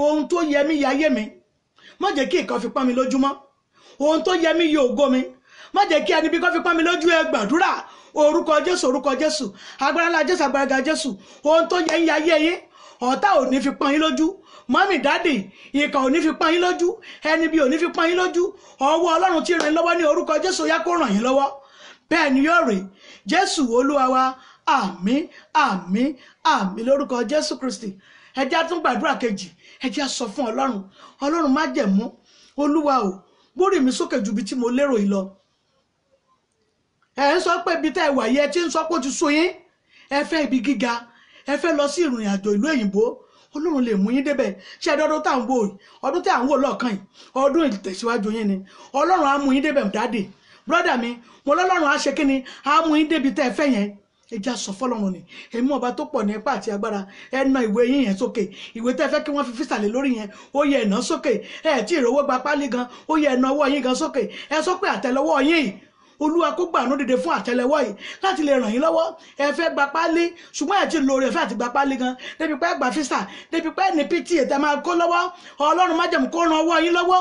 ohun tó yẹ mí yáyé mi má jẹ́ kí nǹkan fi pọ́n mi lójúmọ́ ohun tó yẹ mí yóò ògo mi má jẹ́ kí ẹni bí kọ́ fi pọ́n mi lójú ẹ gbàdúrà orúkọ jésù orúkọ jésù agbára ńlá jésù agbára ga jésù ohun tó yẹ ń ya ayé yín ọ̀tá ò ní fi pọ́n yín lójú mọ́mì dáàdì ìkà ò ní fi pọ́n yín lójú ẹni bí ò ní fi pọ́n yín lójú ọwọ́ ọlọ́run tí ràn lọ́wọ́ ní orúkọ jésù yá kó ràn yín lọ́wọ́ bẹ́ẹ̀ ni yóò rè jésù olúwa wa àmín àmín lórúkọ jésù kristi ẹ jẹ́ kejì ẹ sọ fún ọlọ́run ọlọ́run má jẹ̀mú olúwa o gbórí mi sókè ju ibi tí mo lérò yìí lọ ẹ ń sọ pé ibi tá ẹ wà yìí ẹ ti ń sọ pé ó ti sún ẹ fẹ́ ibi gíga ẹ fẹ́ lọ sí ìrìn àjò ìlú òyìnbó Ọlọ́run lè mú yín débẹ̀ ṣé ọdún tá à ń wò yìí ọdún tá à ń wò lọ́ọ̀kan yìí ọdún ìtẹ̀síwájú yín ni Ọlọ́run á mú yín débẹ̀ dáàdì brọ́dà mi mo lọ́lọ́run á ṣe kí ni á mú yín débi tẹ́ ẹ fẹ́ yẹn ẹ já sọ fọ́lọ́run ni èmi ọba tó pọ̀ ní ipá àti agbára ẹ na ìwé yín yẹn sókè ìwé tẹ́ fẹ́ kí wọ́n fi fìsàlẹ̀ lórí yẹn ó yẹ ẹ̀nà sókè ẹ tí ìrówó gba pálí gan ó yẹ ẹ̀nà ọwọ́ yín gan sókè ẹ sọ pé àtẹ́lẹwọ́ yín olúwa kó gbàánú dìde fún àtẹ́lẹwọ́ yìí láti lè ràn yín lọ́wọ́ ẹ fẹ́ gba pálí ṣùgbọ́n ẹ ti lo oore ẹ̀fẹ́ àti gba pálí gan débi pé gba físà débi pé ní pt ètè máa kó lọ́wọ́ ọlọ́run májẹ̀mú kó ran ọwọ́ yín lọ́wọ́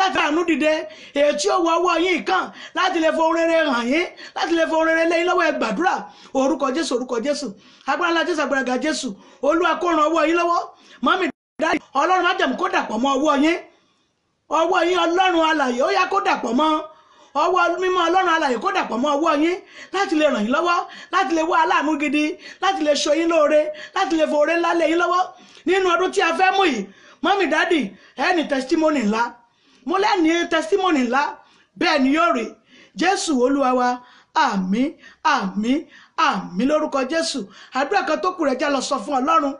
láti àánú dìde èyí tí ó wọ ọwọ́ yín kàn láti lè fọ rere hàn yín láti lè fọ rere lẹ́yìn lọ́wọ́ ẹ gbàdúrà orúkọ jésù orúkọ jésù agbára ńlá jésù agbára ga jésù olúwa kó ran ọwọ́ yín lọ́wọ́ mọ́mí dáàdì ọlọ́run má jẹ̀mú kó dàpọ̀ mọ́ ọwọ́ yín ọwọ́ yín ọlọ́run alààyè ó yá kó dàpọ̀ mọ́ ọwọ́ mímọ́ ọlọ́run alààyè kó dàpọ̀ mọ́ ọwọ́ yín láti lè ràn yín lọ́wọ́ láti lè wá aláàánú gidi láti lè so yín lóore láti lè fòore ńlá lé yín lọ́wọ́ nínú ọdún tí a fẹ́ mú yìí mọ́mí dáàdì ẹni testimony ńlá mo lẹ́ni tẹsímọ́nì ńlá bẹ́ẹ̀ ni yóò rí jésù olúwa wa àmín àmín àmín lórúkọ jésù àdúrà kan tó kù rẹ̀ já lọ sọ fún ọlọ́run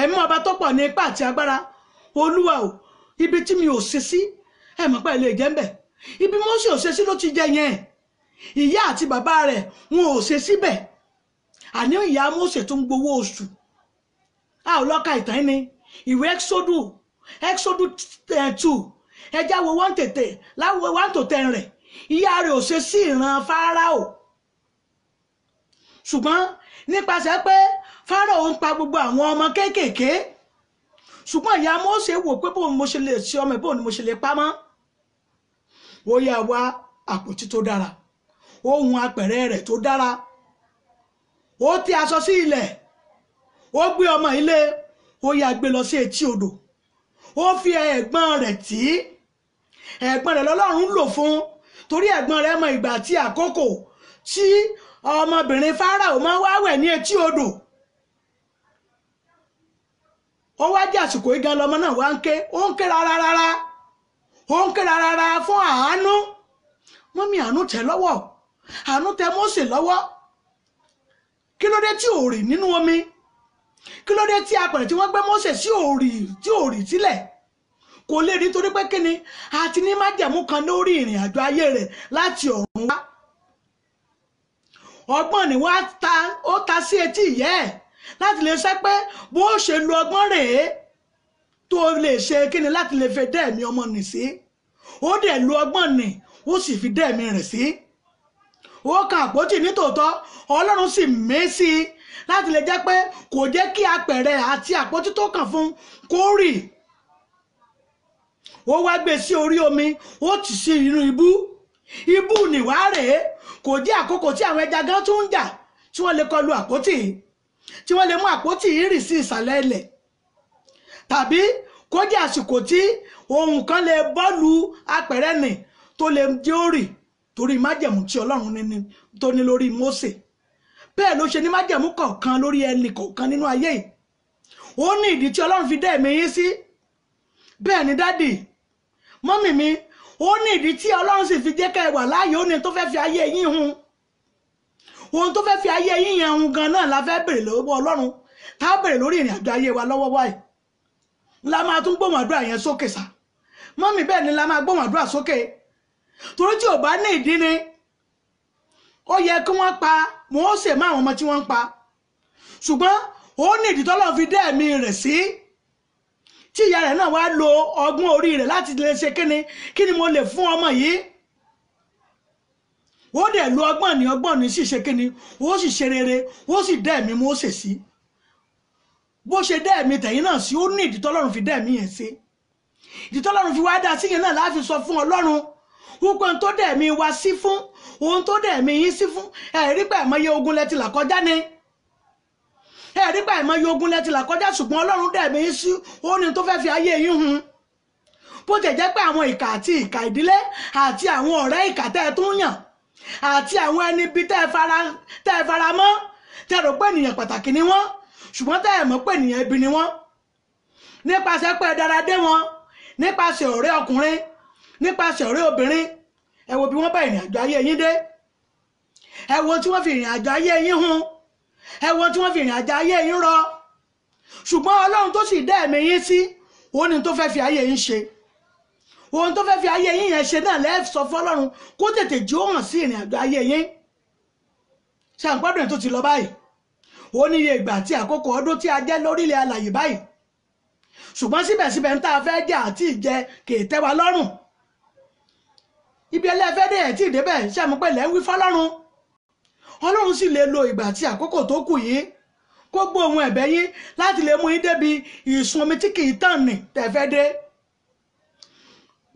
ẹ̀mí ọba tó pọ̀ ní ipá àti agbára olúwa o ibi tí mi ò ṣe sí ẹ̀mọ́ pẹ̀lú ìjẹ́ ń bẹ̀ ibi mo sì ò ṣe sí ló ti jẹ yẹn ìyá àti bàbá rẹ̀ wọn ò ṣe síbẹ̀ àní ìyá mose tó gbowó oṣù a ò lọ́ka ìtàn ni ìwé exodus exodus eh, two ẹjá wo one tètè láwo one to ten rẹ̀ ìyá rẹ̀ ò ṣe sí ìran fáráò ṣùgbọ́n nípasẹ̀ pé fáráò ń pa gbogbo àwọn ọmọ kéékèèké ṣùgbọ́n ìyá Mósè wò pé bóun mo ṣe lè ṣe ọmọ ẹ̀ bóun ni mo ṣe lè pamọ́ ó yá wá àpótí tó dára ohun apẹ̀rẹ̀ rẹ̀ tó dára ó ti aṣọ sí ilẹ̀ ó gbé ọmọ ilé ó yá gbé lọ sí etí odò ó fi ẹ̀gbọ́n rẹ̀ tí ẹ̀gbọ́n rẹ̀ lọ́lọ́run lò fún torí ẹ̀gbọ́n rẹ̀ mọ ìgbà àti àkókò tí ọmọbìnrin Fáráò máa wá wẹ̀ ní etí odò ó wá jẹ́ àsìkò igan lọmọ náà wá ń ké ó ń ké rárá rárá ó ń ké rárá rárá fún àánú mọ́mí àánú tẹ̀ lọ́wọ́ àánú tẹ Mósè lọ́wọ́ kí ló dé tí ò rì nínú omi kí ló dé tí apẹ̀rẹ̀ tí wọ́n gbé Mósè sí òòrì tí òòrì sílẹ̀ kò lè rí torí pé kíni àti ní májẹ̀mú kan lórí ìrìn àjò ayé rẹ̀ láti ọ̀run wá ọgbọ́n ni wọ́n ta ó ta sí etí ìyẹ́ ẹ̀ láti lè ṣe pé bó ṣe lo ọgbọ́n rèé tó lè ṣe kíni láti lè fi dẹ́ẹ̀mí ọmọ nì sí ó dẹ̀ lo ọgbọ́n nì ó sì fi dẹ́ẹ̀mí rẹ̀ sí ó kan àpótí nítòótọ́ ọlọ́run sì mí sí i láti lè jẹ́ pé kò jẹ́ kí apẹ̀rẹ̀ àti àpótí tó kàn fún kó rì ó wá gbé sí orí omi ó tì sí inú ibú ibú nìwá rèé kò jẹ́ àkókò tí àwọn ẹja gan tún ń jà tí wọ́n lè kọlu àpótí tí wọ́n lè mú àpótí rì sí ìsàlẹ̀ ilẹ̀ tàbí kó jẹ́ àsìkò tí ohun kan lè bọ́ọ̀lù apẹ̀rẹ̀ nì tó lè jẹ́ òrì torí májẹ̀mú tí ọlọ́run tó ní lórí Mósè bẹ́ẹ̀ ló ṣe ní májẹ̀mú kọ̀ọ̀kan lórí ẹnì kọ̀ọ̀kan nínú ayé yìí ó ní ìdí tí ọlọ́run fi dá ẹ̀mí yín sí bẹ́ẹ̀ ni dádì mọ́mì mi ó ní ìdí tí ọlọ́run sì fi jẹ́ ká ẹ wà láàyè ó ní tó fẹ́ fi ayé yín hun ohun tó fẹ́ fi ayé yín yẹn hun gan náà la fẹ́ bèrè lọ́wọ́ ọlọ́run tá a bèrè lórí ìrìn àjò ayé wa lọ́wọ́ wáyé la máa tún gbóhùn àdúrà yẹn sókè sá mọ́mì bẹ́ẹ̀ ni la máa gbóhùn àdúrà sókè torí tí ò bá ní ìdí ni ó yẹ kí wọ́n pa wọn ó ṣe máa àwọn ọmọ tí wọ́n ń pa ṣùgbọ́n ó ní ìdí tọ́lọ́ fi dá ẹ̀mí rẹ̀ sí tí ìyá rẹ̀ náà wá lo ọgbọ́n orí rẹ̀ láti lè ṣe kíni kí mo lè fún ọmọ yìí ó dẹ̀ lo ọgbọ́n ní ọgbọ́n ní sì ṣe kíni ó sì ṣe rere ó sì dá ẹ̀mí Mósè sí bó ṣe dá ẹ̀mí tẹ̀yìn náà sí ó ní ìdí tọ́lọ́run fi dá ẹ̀mí yẹn sí ìdí tọ́lọ́run fi wá dá sí náà láti sọ fún Ọlọ́run wípé ohun tó dẹ̀ mi wá sí fún ohun tó dẹ̀ mi yín sí fún ẹ̀rí pé àìmọye ogun lẹ ti là kọjá ni ẹ̀rí pé àìmọye ogun lẹ ti là kọjá ṣùgbọ́n ọlọ́run dẹ̀ mi yín sí òun ni tó fẹ́ fi ayé yín hun bó tẹ̀ jẹ́ pé àwọn ìkà àti ìkà ìdílé àti àwọn ọ̀rẹ́ ìkà tẹ́ ẹ tún yàn àti àwọn ẹni ibi tẹ́ ẹ fara mọ́ tẹ́ ẹ rò pé ènìyàn pàtàkì ni wọ́n ṣùgbọ́n tẹ́ ẹ mọ̀ pé ènìyàn ibi ni wọ́n nípasẹ̀ pé ẹ dára dé wọn nípasẹ̀ ọ̀rẹ́ ọkùnrin nípasẹ̀ ọ̀rẹ́ obìnrin ẹ wo bí wọ́n bá ìrìn àjò ayé yín dé ẹ wo tí wọ́n fi ìrìn àjò ayé yín hun ẹ wo tí wọ́n fi ìrìn àjò ayé yín rọ ṣùgbọ́n ọlọ́run tó sì dá ẹ̀mí yín sí òun ni tó fẹ́ fi ayé yín ṣe ohun tó fẹ́ fi ayé yín yẹn ṣe náà lẹ́ẹ̀ sọ fọlọ́run kó tètè jí ó hàn sí ìrìn àjò ayé yín ṣàǹpọ́dún tó ti lọ báyìí ó ní iye ìgbà àti àkókò ọdún tí a jẹ́ lórílẹ̀ alàyè báyìí ṣùgbọ́n síbẹ̀síbẹ̀ ń tá a fẹ́ jẹ́ àti ìjẹ kèé tẹ́ wa lọ́rùn ibi ẹlẹ́fẹ́ dé ẹ̀ tí ì débẹ̀ ṣe mú pẹ̀lẹ́ ń wí fọlọ́run ọlọ́run sì lè lo ìgbà àti àkókò tó kù yìí kó gbọ́ ohun ẹ̀bẹ̀ yín láti lè mú yín débi ìsun omi tí kì í tàn nì tẹ́ fẹ́ dé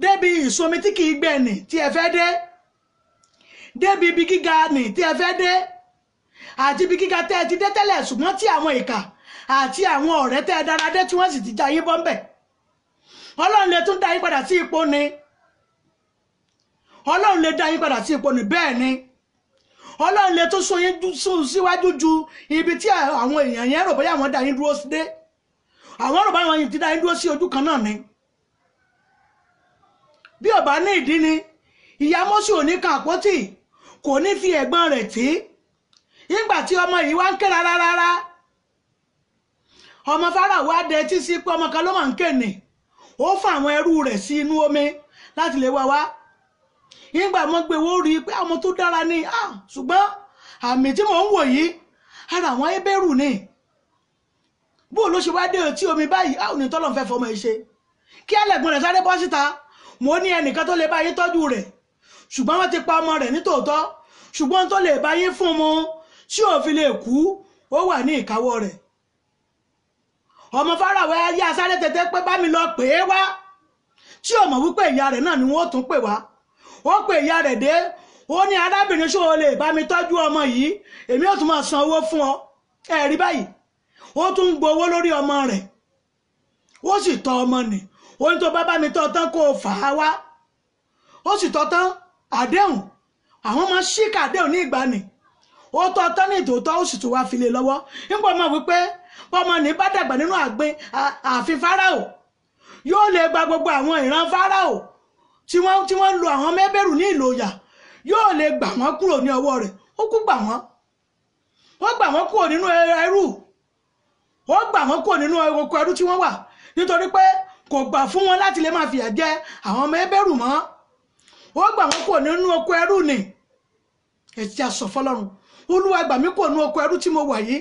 débi ìsun omi tí kì í gbẹ nì tí ẹ fẹ́ dé débi ibi gíga nì tí ẹ fẹ́ dé àti ibi gíga tẹ́ ẹ ti dé tẹ́lẹ̀ ṣùgbọ́n tí àwọn ìkà àti àwọn ọ̀rẹ́ tẹ́ ẹ dára tí wọ́n sì ti já yín ọlọ́run lè tún dá yín padà sí ipò ni ọlọ́run lè dá yín padà sí ipò ní bẹ́ẹ̀ ni ọlọ́run lè tún sún yín síwájú ju ibi tí àwọn èèyàn yẹn rò bóyá àwọn dá yín dúró dé àwọn rò bóyá àwọn yìí ti dá yín dúró sí ojú kan náà ni bí ó bá ní ìdí ni ìyá mọ́sí ò ní kan àpótí kò ní fi ẹ̀gbọ́n rẹ̀ tí nígbà tí ọmọ yìí wá ń ké rárá ọmọ fáráwọ adẹ́tí sí pé ọmọ kan ló máa ń ké ni ó fa àwọn ẹrú rẹ̀ sí inú omi láti lè wá wá nígbà mo gbé wo rí i pé àwọn ah, tó dára ni ah, ṣùgbọ́n àmì tí mò ń wò yìí ara àwọn ebéèrú ni bó ló ṣe wá dé etí omi báyìí a ah, ò ní tọ́lọ̀ fẹ́ fọmọ ẹ ṣe kí ẹlẹ́gbọ́n rẹ̀ sáré bọ́ síta mo ní ẹnìkan tó lè bá yín tọ́jú rẹ̀ ṣùgbọ́n wọ́n ti pa ọmọ rẹ̀ nítòótọ́ ṣùgbọ́n tó lè bá yín fún mu tí ò fi lè kú ó wà ní ìkáwọ́ rẹ̀ ọmọ fáráwẹ́ ayé asáré tètè pé bá mi lọ pè é wá tí ò wípé ìyá rẹ̀ náà ni wọ́n tún pè wá ó pè ìyá rẹ̀ dé ó ní arábìnrin ṣó o lè bá mi tọ́jú ọmọ yìí èmi ò tún máa san owó fún ọ ẹ rí báyìí ó tún ń gbowó lórí ọmọ rẹ̀ ó sì tọ́ ọmọ nì ó ní tó bá bá mi tọ́ tán kó o fà á wá ó sì tọ́ tán àdéhùn àwọn máa ṣíkà àdéhùn ní ìgbàanì ó tọ́ tán ní ìtòótọ́ ó sì tún wá file lọ́wọ́ nígbà ọmọ wípé ọmọ ní bá dàgbà nínú àgbẹ̀ ààfin fáráò yóò lè gba gbogbo àwọn ìran fáráò tí wọ́n tí wọ́n lo àwọn mẹ́bẹ̀rù ní ìlòyà yóò lè gbà wọ́n kúrò ní ọwọ́ rẹ̀ ó kú gbà wọ́n wọ́n gbà wọ́n kúrò nínú ẹrú wọ́n gbà wọ́n kúrò nínú oko ẹrú tí wọ́n wà nítorí pé kò gbà fún wọn láti lè máa fìyà jẹ àwọn mẹ́bẹ̀rù mọ́ wọ́n gbà wọ́n kúrò nínú oko ẹrú ni ẹ ti sọ fọlọ́run olúwa gbà mí kúrò nínú oko ẹrú tí mo wà yìí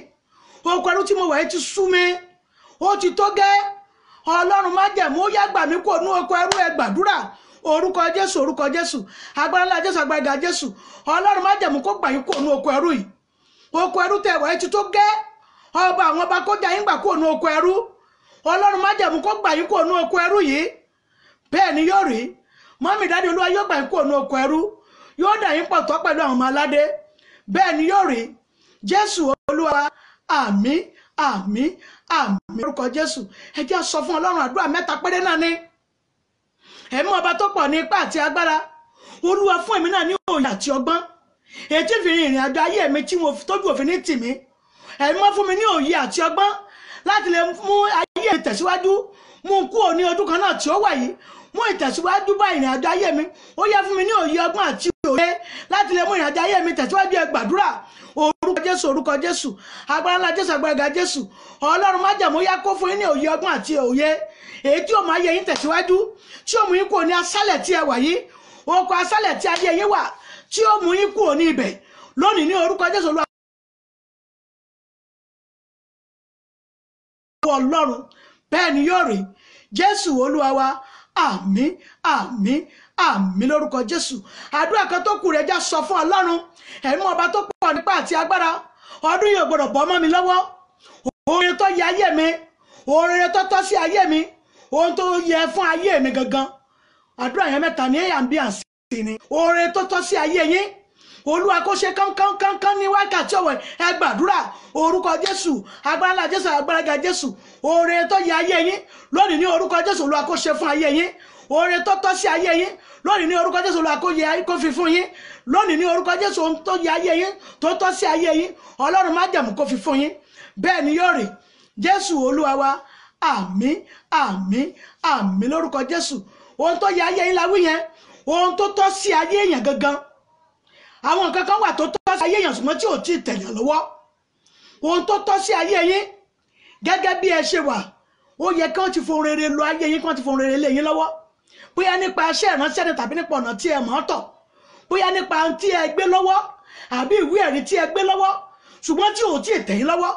oko ẹrú tí mo wà yìí ti sú mi ó ti tó gẹ́ ọlọ́run má jẹ̀mú ó yá gbà mí kúrò nínú oko ẹrú ẹ gbàdúrà orúkọ jésù orúkọ jésù agbára ńlá jésù agbára ìdá jésù ọlọ́run má jẹ̀mú kó gbà yín kó nu oko ẹrú yìí oko ẹrú tẹ ẹ̀wọ̀ ẹtí tó gẹ́ ọba àwọn ọba kó já yín gbà kó nu oko ẹrú ọlọ́run má jẹ̀mú kó gbà yín kó nu oko ẹrú yìí bẹ́ẹ̀ ni yóò rí mọ́mí dáadé olúwa yóò gbà yín kó nu oko ẹrú yóò dà yín pọ̀ tọ́ pẹ̀lú àwọn ọmọ aládé bẹ́ẹ̀ ni yóò rí jésù olúwa àmín àmín àmín orúkọ jésù ẹ jẹ́ sọ fún ọlọ́run àdúrà mẹ́ta péré náà ni ẹ mọ ọba tó pọ̀ ní ipá àti agbára olúwa fún èmi náà ní òye àti ọgbọ́n ètí ìfìrin ìrìn àjò ayé mi tí wọn tójú òfin ní tì mí ẹ mọ fún mi ní òye àti ọgbọ́n láti lè mú ayé mi tẹ̀síwájú mú un kúrò ní ọdún kan náà tí ó wà yìí mú ìtẹ̀síwájú bá ìrìn àjò ayé mi ó yẹ fún mi ní òye ọgbọ́n àti òye láti lè mú ìrìn àjò ayé mi tẹ̀síwájú ẹ gbàdúrà jésù orúkọ jésù agbára ńlá jésù agbára ga jésù ọlọ́run májàmú yá kó fún yín ní òye ọgbọ́n àti òye èyí tí ó máa yẹ yín tẹ̀síwájú tí ó mú yín kúrò ní asálẹ̀ tí ẹ wà yìí oko asálẹ̀ tí adé yín wà tí ó mú yín kúrò ní ibẹ̀ lónìí ní orúkọ jésù olúwa. ọlọ́run bẹ́ẹ̀ ni yóò rí jésù olúwa wa àmín àmín àmì lórúkọ jésù àdúrà kan tó kù rẹ̀ já sọ fún ọlọ́run ẹ̀mú ọba tó pọ̀ nípa àti agbára ọdún yìí ò gbọ́dọ̀ bọ́ mọ́ mi lọ́wọ́ oore tó yẹ ayé mi oore tó tọ́ sí ayé mi ohun tó yẹ fún ayé mi gangan àdúrà yẹn mẹ́ta ní èyàn ni oore tó tọ́ sí ayé yín olúwa kó ṣe kánkánkánkán ní wákàtí ọ̀wọ̀ ẹ gbàdúrà orúkọ jésù agbára ńlá jésù agbára ga jésù oore tó yẹ ayé yín lónìí ní orúkọ jésù olúwa kó ṣe fún ayé yín oore tó tọ́ sí ayé yín lónìí ní orúkọ jésù olúwa kó yẹ kó fi fún yín lónìí ní orúkọ jésù ohun tó yẹ ayé yín tó tọ́ sí ayé yín ọlọ́run má jẹ̀mú kó fi fún yín bẹ́ẹ̀ ni yóò rí jésù olúwa wa àmín àmín àmín lórúkọ jésù ohun tó yẹ ayé yín la wí yẹn ohun tó tọ́ sí ayé yẹn gangan àwọn nǹkan kan wà tó tọ́ sí ayé èèyàn ṣùgbọ́n tí ò tí ì tẹ̀yàn lọ́wọ́ ohun tó tọ́ sí ayé yín gẹ́gẹ́ bí ẹ ṣe wà ó yẹ kí wọ́n ti fohùn rere lo ayé yín kí wọ́n ti fohùn rere lé yín lọ́wọ́ bóyá nípa iṣẹ́ ìránṣẹ́ ni tàbí nípa ọ̀nà tí ẹ mọ̀ ọ́ tọ̀ bóyá nípa ohun tí ẹ gbé lọ́wọ́ àbí ìwé ẹ̀rí tí ẹ gbé lọ́wọ́ ṣùgbọ́n tí ò tí ì tẹ̀yìn lọ́wọ́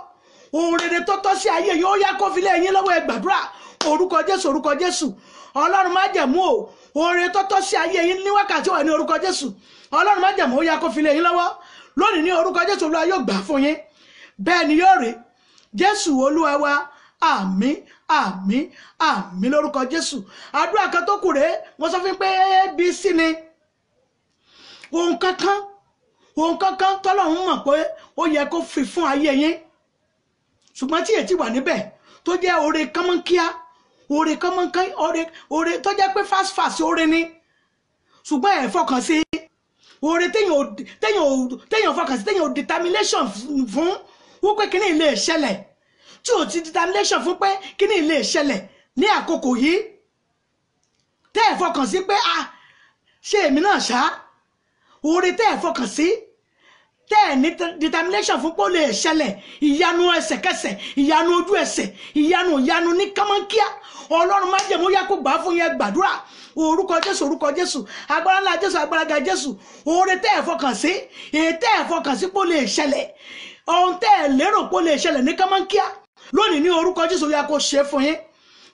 ohun rere tó tọ́ sí ayé yín ó yá kó fi lé yín lọ́wọ́ ẹ gbàdúrà orúkọ Jésù orúkọ Jésù Ọlọ́run má jẹ̀mú o oore tọ́tọ́ sí ayé yín ní wákàtí wà ní orúkọ jésù ọlọ́run má jẹ̀mọ́ ó yá kó fi lé yín lọ́wọ́ lónìí ní orúkọ jésù olúwa yóò gbà fún yín bẹ́ẹ̀ ni yóò rí jésù olúwa wa àmín àmín àmín lórúkọ jésù àdúrà kan tó kù rèé wọ́n sọ fún pé abc ni ohun kankan ohun kankan tọ́lọ́run mọ̀ pé ó yẹ kó fi fún ayé yín ṣùgbọ́n tí èyí ti wà níbẹ̀ tó jẹ́ oore kánmọ́kíá oore kan máa ń kán oore oore tó jẹ́ pé fast fast oore ni ṣùgbọ́n ẹ̀ fọkàn sí oore téèyàn téèyàn fọkàn sí téèyàn determination fún wípé kíní ilé ìṣẹ̀lẹ̀ tí ò ti determination fún pé kíní ilé ìṣẹ̀lẹ̀ ní àkókò yìí tẹ́ ẹ̀ fọkàn sí pé ah ṣé èmi náà ṣá oore tẹ́ ẹ̀ fọkàn sí. Si tẹ́ ẹ̀ ní determination fún pé ó lè ṣẹlẹ̀ ìyanu ẹsẹ̀kẹsẹ̀ ìyanu ojú ẹsẹ̀ ìyanu ìyanu ní kánmọ́nkíá ọlọ́run má jẹ̀mú yá kó gbà á fún yẹn gbàdúrà orúkọ jésù orúkọ jésù agbára ńlá jésù agbára ga jésù oore tẹ́ ẹ̀ fọkàn sí èyí tẹ́ ẹ̀ fọkàn sí pé ó lè ṣẹlẹ̀ ohun tẹ́ ẹ̀ lérò pé ó lè ṣẹlẹ̀ ní kánmọ́nkíá lónìí ní orúkọ jésù yá kó ṣe fún yín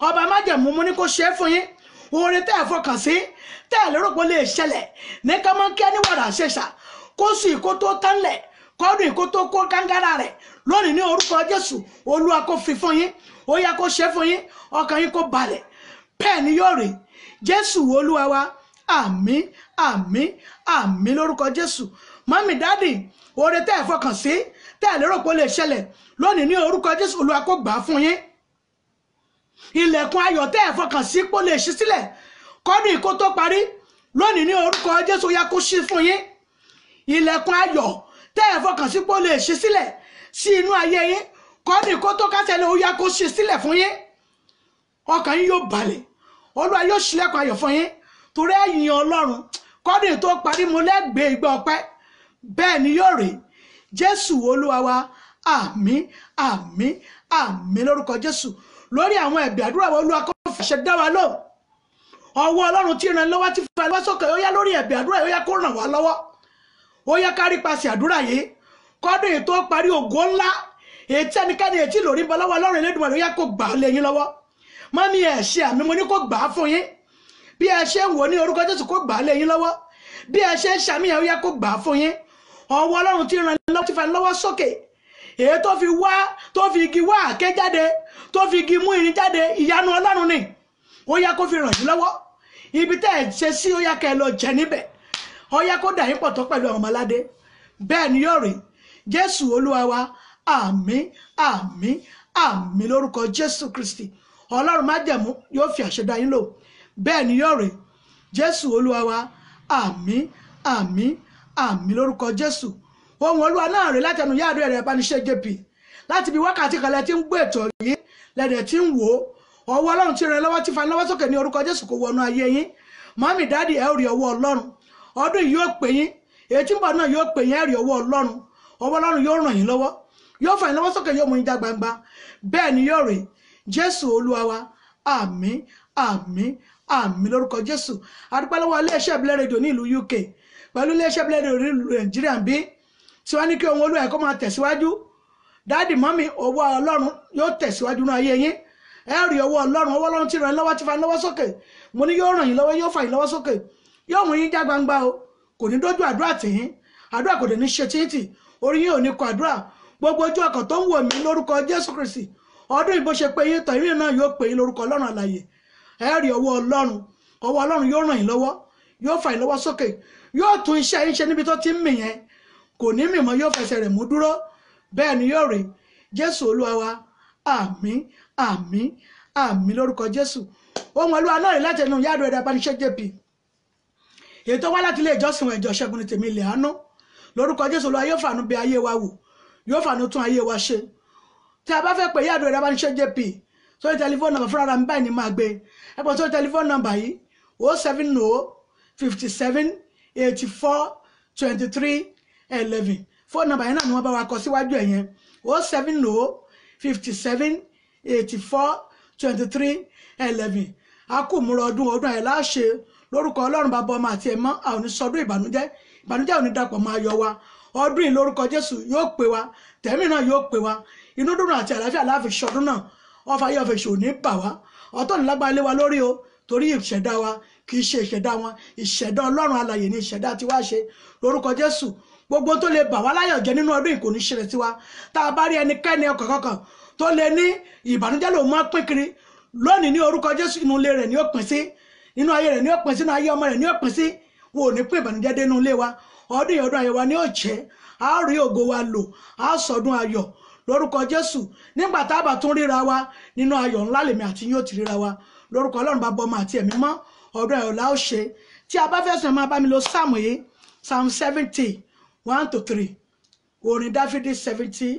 ọba má jẹ̀mú mú ní kó ṣe fún yín oore tẹ́ ẹ̀ fọkàn sí tẹ́ ẹ̀ lérò pé ó lè ṣẹlẹ̀ ní kánmọ́nkíá ní wàrà ṣèṣà kó sùn kó tó tánlẹ̀ kọ́dún ìkó tó kó gángárà rẹ̀ lónìí ní orúkọ jésù olúwa kó fi fún yín ó yá kó ṣe fún yín ọkàn yín kó balẹ̀ bẹ́ẹ̀ ni yóò rí jésù olúwa wa àmín àmín àmín lórúkọ jésù mọ́mí dáàdì oore tẹ́ ẹ̀ fọkàn sí tẹ́ ẹ̀ lérò pé ó lè ṣẹlẹ̀ lónìí ní orúkọ jésù olúwa kó gbà á fún yín ilẹ̀kùn ayọ̀ tẹ́ ẹ̀ fọkàn sí pé ó lè ṣí sílẹ̀ kọ́dún ìkó tó parí lónìí ní orúkọ jésù ó yá kó ṣí fún yín ilẹ̀kùn ayọ̀ tẹ́ ẹ̀ fọkàn sí pé ó lè ṣe sílẹ̀ sí inú ayé yín kọ́ni kó tó kásẹ̀lẹ̀ ó yá kó ṣe sílẹ̀ fún yín ọkàn yín yóò balẹ̀ olúwa yóò ṣílẹ̀kùn ayọ̀ fún yín torí ẹ̀yìn ọlọ́run kọ́ni tó parí mo lẹ́gbẹ̀ẹ́ ìgbà ọpẹ́ bẹ́ẹ̀ ni yóò rèé jésù olúwa wa àmín àmín àmín lórúkọ jésù lórí àwọn ẹ̀bẹ̀ àdúrà wa olúwa kó fàṣẹ dá wa lóhùn ọwọ́ ọlọ́run tí ìrànlọ́wọ́ ti fà lọ́wọ́ sókè ó yá lórí ẹ̀bẹ̀ àdúrà ó yá kó ràn wá lọ́wọ́ ó yẹ ká rí paṣẹ àdúrà yìí kọ́dún èyí tó parí ògo ńlá èyí tí ẹnikẹ́ni èyí tí lórí bọ́ lọ́wọ́ ọlọ́run Elédùmarè ó yẹ kó gbà á lé yín lọ́wọ́ mọ́mí ẹ̀ ṣe àmì mo ní kó gbà á fún yín bí ẹ ṣe ń wò ní orúkọ Jésù kó gbà á lé yín lọ́wọ́ bí ẹ ṣe ń ṣàmìyàn ó yẹ kó gbà á fún yín ọwọ́ ọlọ́run ti ràn lọ́wọ́ ti fa lọ́wọ́ sókè èyí tó fi wá tó fi igi wá àké jáde tó fi igi mú irin jáde ìyanu ọlọ́run ni ó yẹ kó fi ràn yín lọ́wọ́ ibi tẹ́ ẹ̀ ṣe sí ó yẹ kẹ́ ẹ lọ jẹ níbẹ̀ ọyá kó dà yín pọ̀ tọ́ pẹ̀lú àwọn ọmọládé bẹ́ẹ̀ ni yóò rí jésù olúwa wa àmín àmín àmín lórúkọ jésù kristi ọlọ́run májẹ̀mú yóò fi àṣẹdá yín lò bẹ́ẹ̀ ni yóò rí jésù olúwa wa àmín àmín àmín lórúkọ jésù ohun olúwa náà rí látẹnu yáàdó ẹ̀rẹ̀ ìbánisẹ́ jp láti bí wákàtí kan lẹ ti ń gbé ètò yìí lẹ́dẹ̀ tí ń wò ó ọwọ́ ọlọ́run ti rẹ lọ́wọ́ tí fani lọ́wọ́ sókè ní orúkọ jésù kò wọnú ayé yín mọ́mí dáàdì ẹ̀ ò rí ọwọ́ ọlọ́run ọdún yìí yóò pè yín èyí tí ń bọ̀ náà yóò pè yín ẹ̀rí ọwọ́ ọlọ́run ọwọ́ ọlọ́run yóò ràn yín lọ́wọ́ yóò fà yín lọ́wọ́ sókè yóò mú yín já gbangba bẹ́ẹ̀ ni yóò rè jésù olúwa wa àmín àmín àmín lórúkọ jésù adúpẹ́ lọ́wọ́ iléeṣẹ́ ìbílẹ̀ rédíò ní ìlú uk pẹ̀lú iléeṣẹ́ ìbílẹ̀ rédíò ní nàìjíríà bí tí wọ́n ní kí ohun olúwa ẹ̀kọ́ máa tẹ̀síwájú dáàdì mọ́mì ọwọ́ ọlọ́run yóò tẹ̀síwájú náà ayé yín ẹ rí ọwọ́ ọlọ́run ọwọ́ ọlọ́run tí ràn yín lọ́wọ́ tí fa yín lọ́wọ́ sókè mo ní yóò ràn yín lọ́wọ́ yóò fà yín lọ́wọ́ sókè yóò mú yín já gbangba o kò ní dójú àdúrà tìyín àdúrà kò dé ní ṣe títì orí yín ò ní kọ àdúrà gbogbo ojú ọkàn tó ń wò mí lórúkọ Jésù Kristi ọdún ìbò ṣe pé yín tàn yín náà yóò pè yín lórúkọ Ọlọ́run àlàyé ẹ rí ọwọ́ Ọlọ́run ọwọ́ Ọlọ́run yóò ràn yín lọ́wọ́ yóò fà yín lọ́wọ́ sókè yóò tún iṣẹ́ yín ṣe níbi tó ti ń mì yẹn kò ní mì yóò fẹsẹ̀ rẹ̀ mú dúró bẹ́ẹ̀ ni yóò rí Jésù Olúwa wa àmín àmín àmín lórúkọ Jésù ohun Olúwa náà rí láti ẹnu yàrá ẹ̀dá abániṣẹ́ jp ètò wá láti ilé ìjọsìn wọn ìjọ ṣẹ́gun ní tèmi ilẹ̀ àánú lórúkọ jésù olúwa yóò fàánú bí ayé wa wò yóò fàánú tún ayé wa ṣe tí a bá fẹ́ pè yàdó ìrẹ́bá níṣẹ́ jp sórí tẹlifóònù nàmbà fúnra mi báyìí ni máa gbé ẹ pọ̀ sórí tẹlifóònù nàmbà yìí o oh seven no oh fifty seven eighty four twenty three eleven fóònù nàmbà yẹn náà ni wọ́n bá wa kọ síwájú ẹ̀ yẹn o oh seven no fifty seven eighty four twenty three eleven a kò múra ọdún ọdún àyè láṣẹ lórúkọ ọlọ́run bàbá ọmọ àti ẹ̀mọ́ a ò ní sọdún ìbànújẹ́ ìbànújẹ́ ò ní dàpọ̀ máa yọ wa ọdún yìí lórúkọ jésù yóò pè wa tẹ̀mí náà yóò pè wa inú dùn àti àlàáfíà láàfin sọdún náà ọfà yóò fi ṣò ní bà wá ọtọ́ ní lágbára lé wa lórí o torí ìṣẹ̀dá wa kì í ṣe ìṣẹ̀dá wọn ìṣẹ̀dá ọlọ́run alàyè ni ìṣẹ̀dá tiwa ṣe lórúkọ jésù gbogbo tó lè bà wá láyọ̀ jẹ́ nínú ọdún yìí kò ní ṣẹlẹ̀ tiwa tá a bá rí ẹnikẹ́ni ọkọ̀ kankan tó lè ní ìbànújẹ́ lòun máa pín kiri lónìí ní orúkọ jésù inú ilé rẹ̀ ni ó pín sí inú ayé rẹ̀ ní ọ̀pìn sínú ayé ọmọ rẹ̀ ní ọ̀pìn sí wo ò ní pín ìbànújẹ́ dénú ilé wa ọdún yìí ayé wa ní òjẹ́ a rí ògo wa lò a sọdún ayọ̀ lórúkọ Jésù nígbà tá a bá tún ríra wa nínú ayọ̀ ńlá lèmi àti yóò ti ríra wa lórúkọ Ọlọ́run bàbá ọmọ àti ẹ̀mí mọ́ ọdún ayọ̀ la ó ṣe tí a bá fẹ́ sọ máa bá mi lo sáàmù yìí psalm seventy one to three orin dáfídì seventy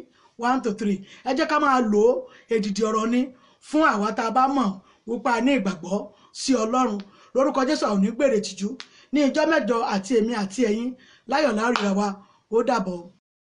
one to three ẹ jẹ́ ká máa lò ó èdìdì ọ̀rọ̀ ni fún àwa tá a bá mọ̀ wípé a ní ìgbàgbọ́ sí Ọlọ́run lórúkọ jésù àwọn onígbèrè tìjú ní ìjọ mẹ́jọ àti èmi àti ẹ̀yin láyọ̀ láríra wa ó dàbọ̀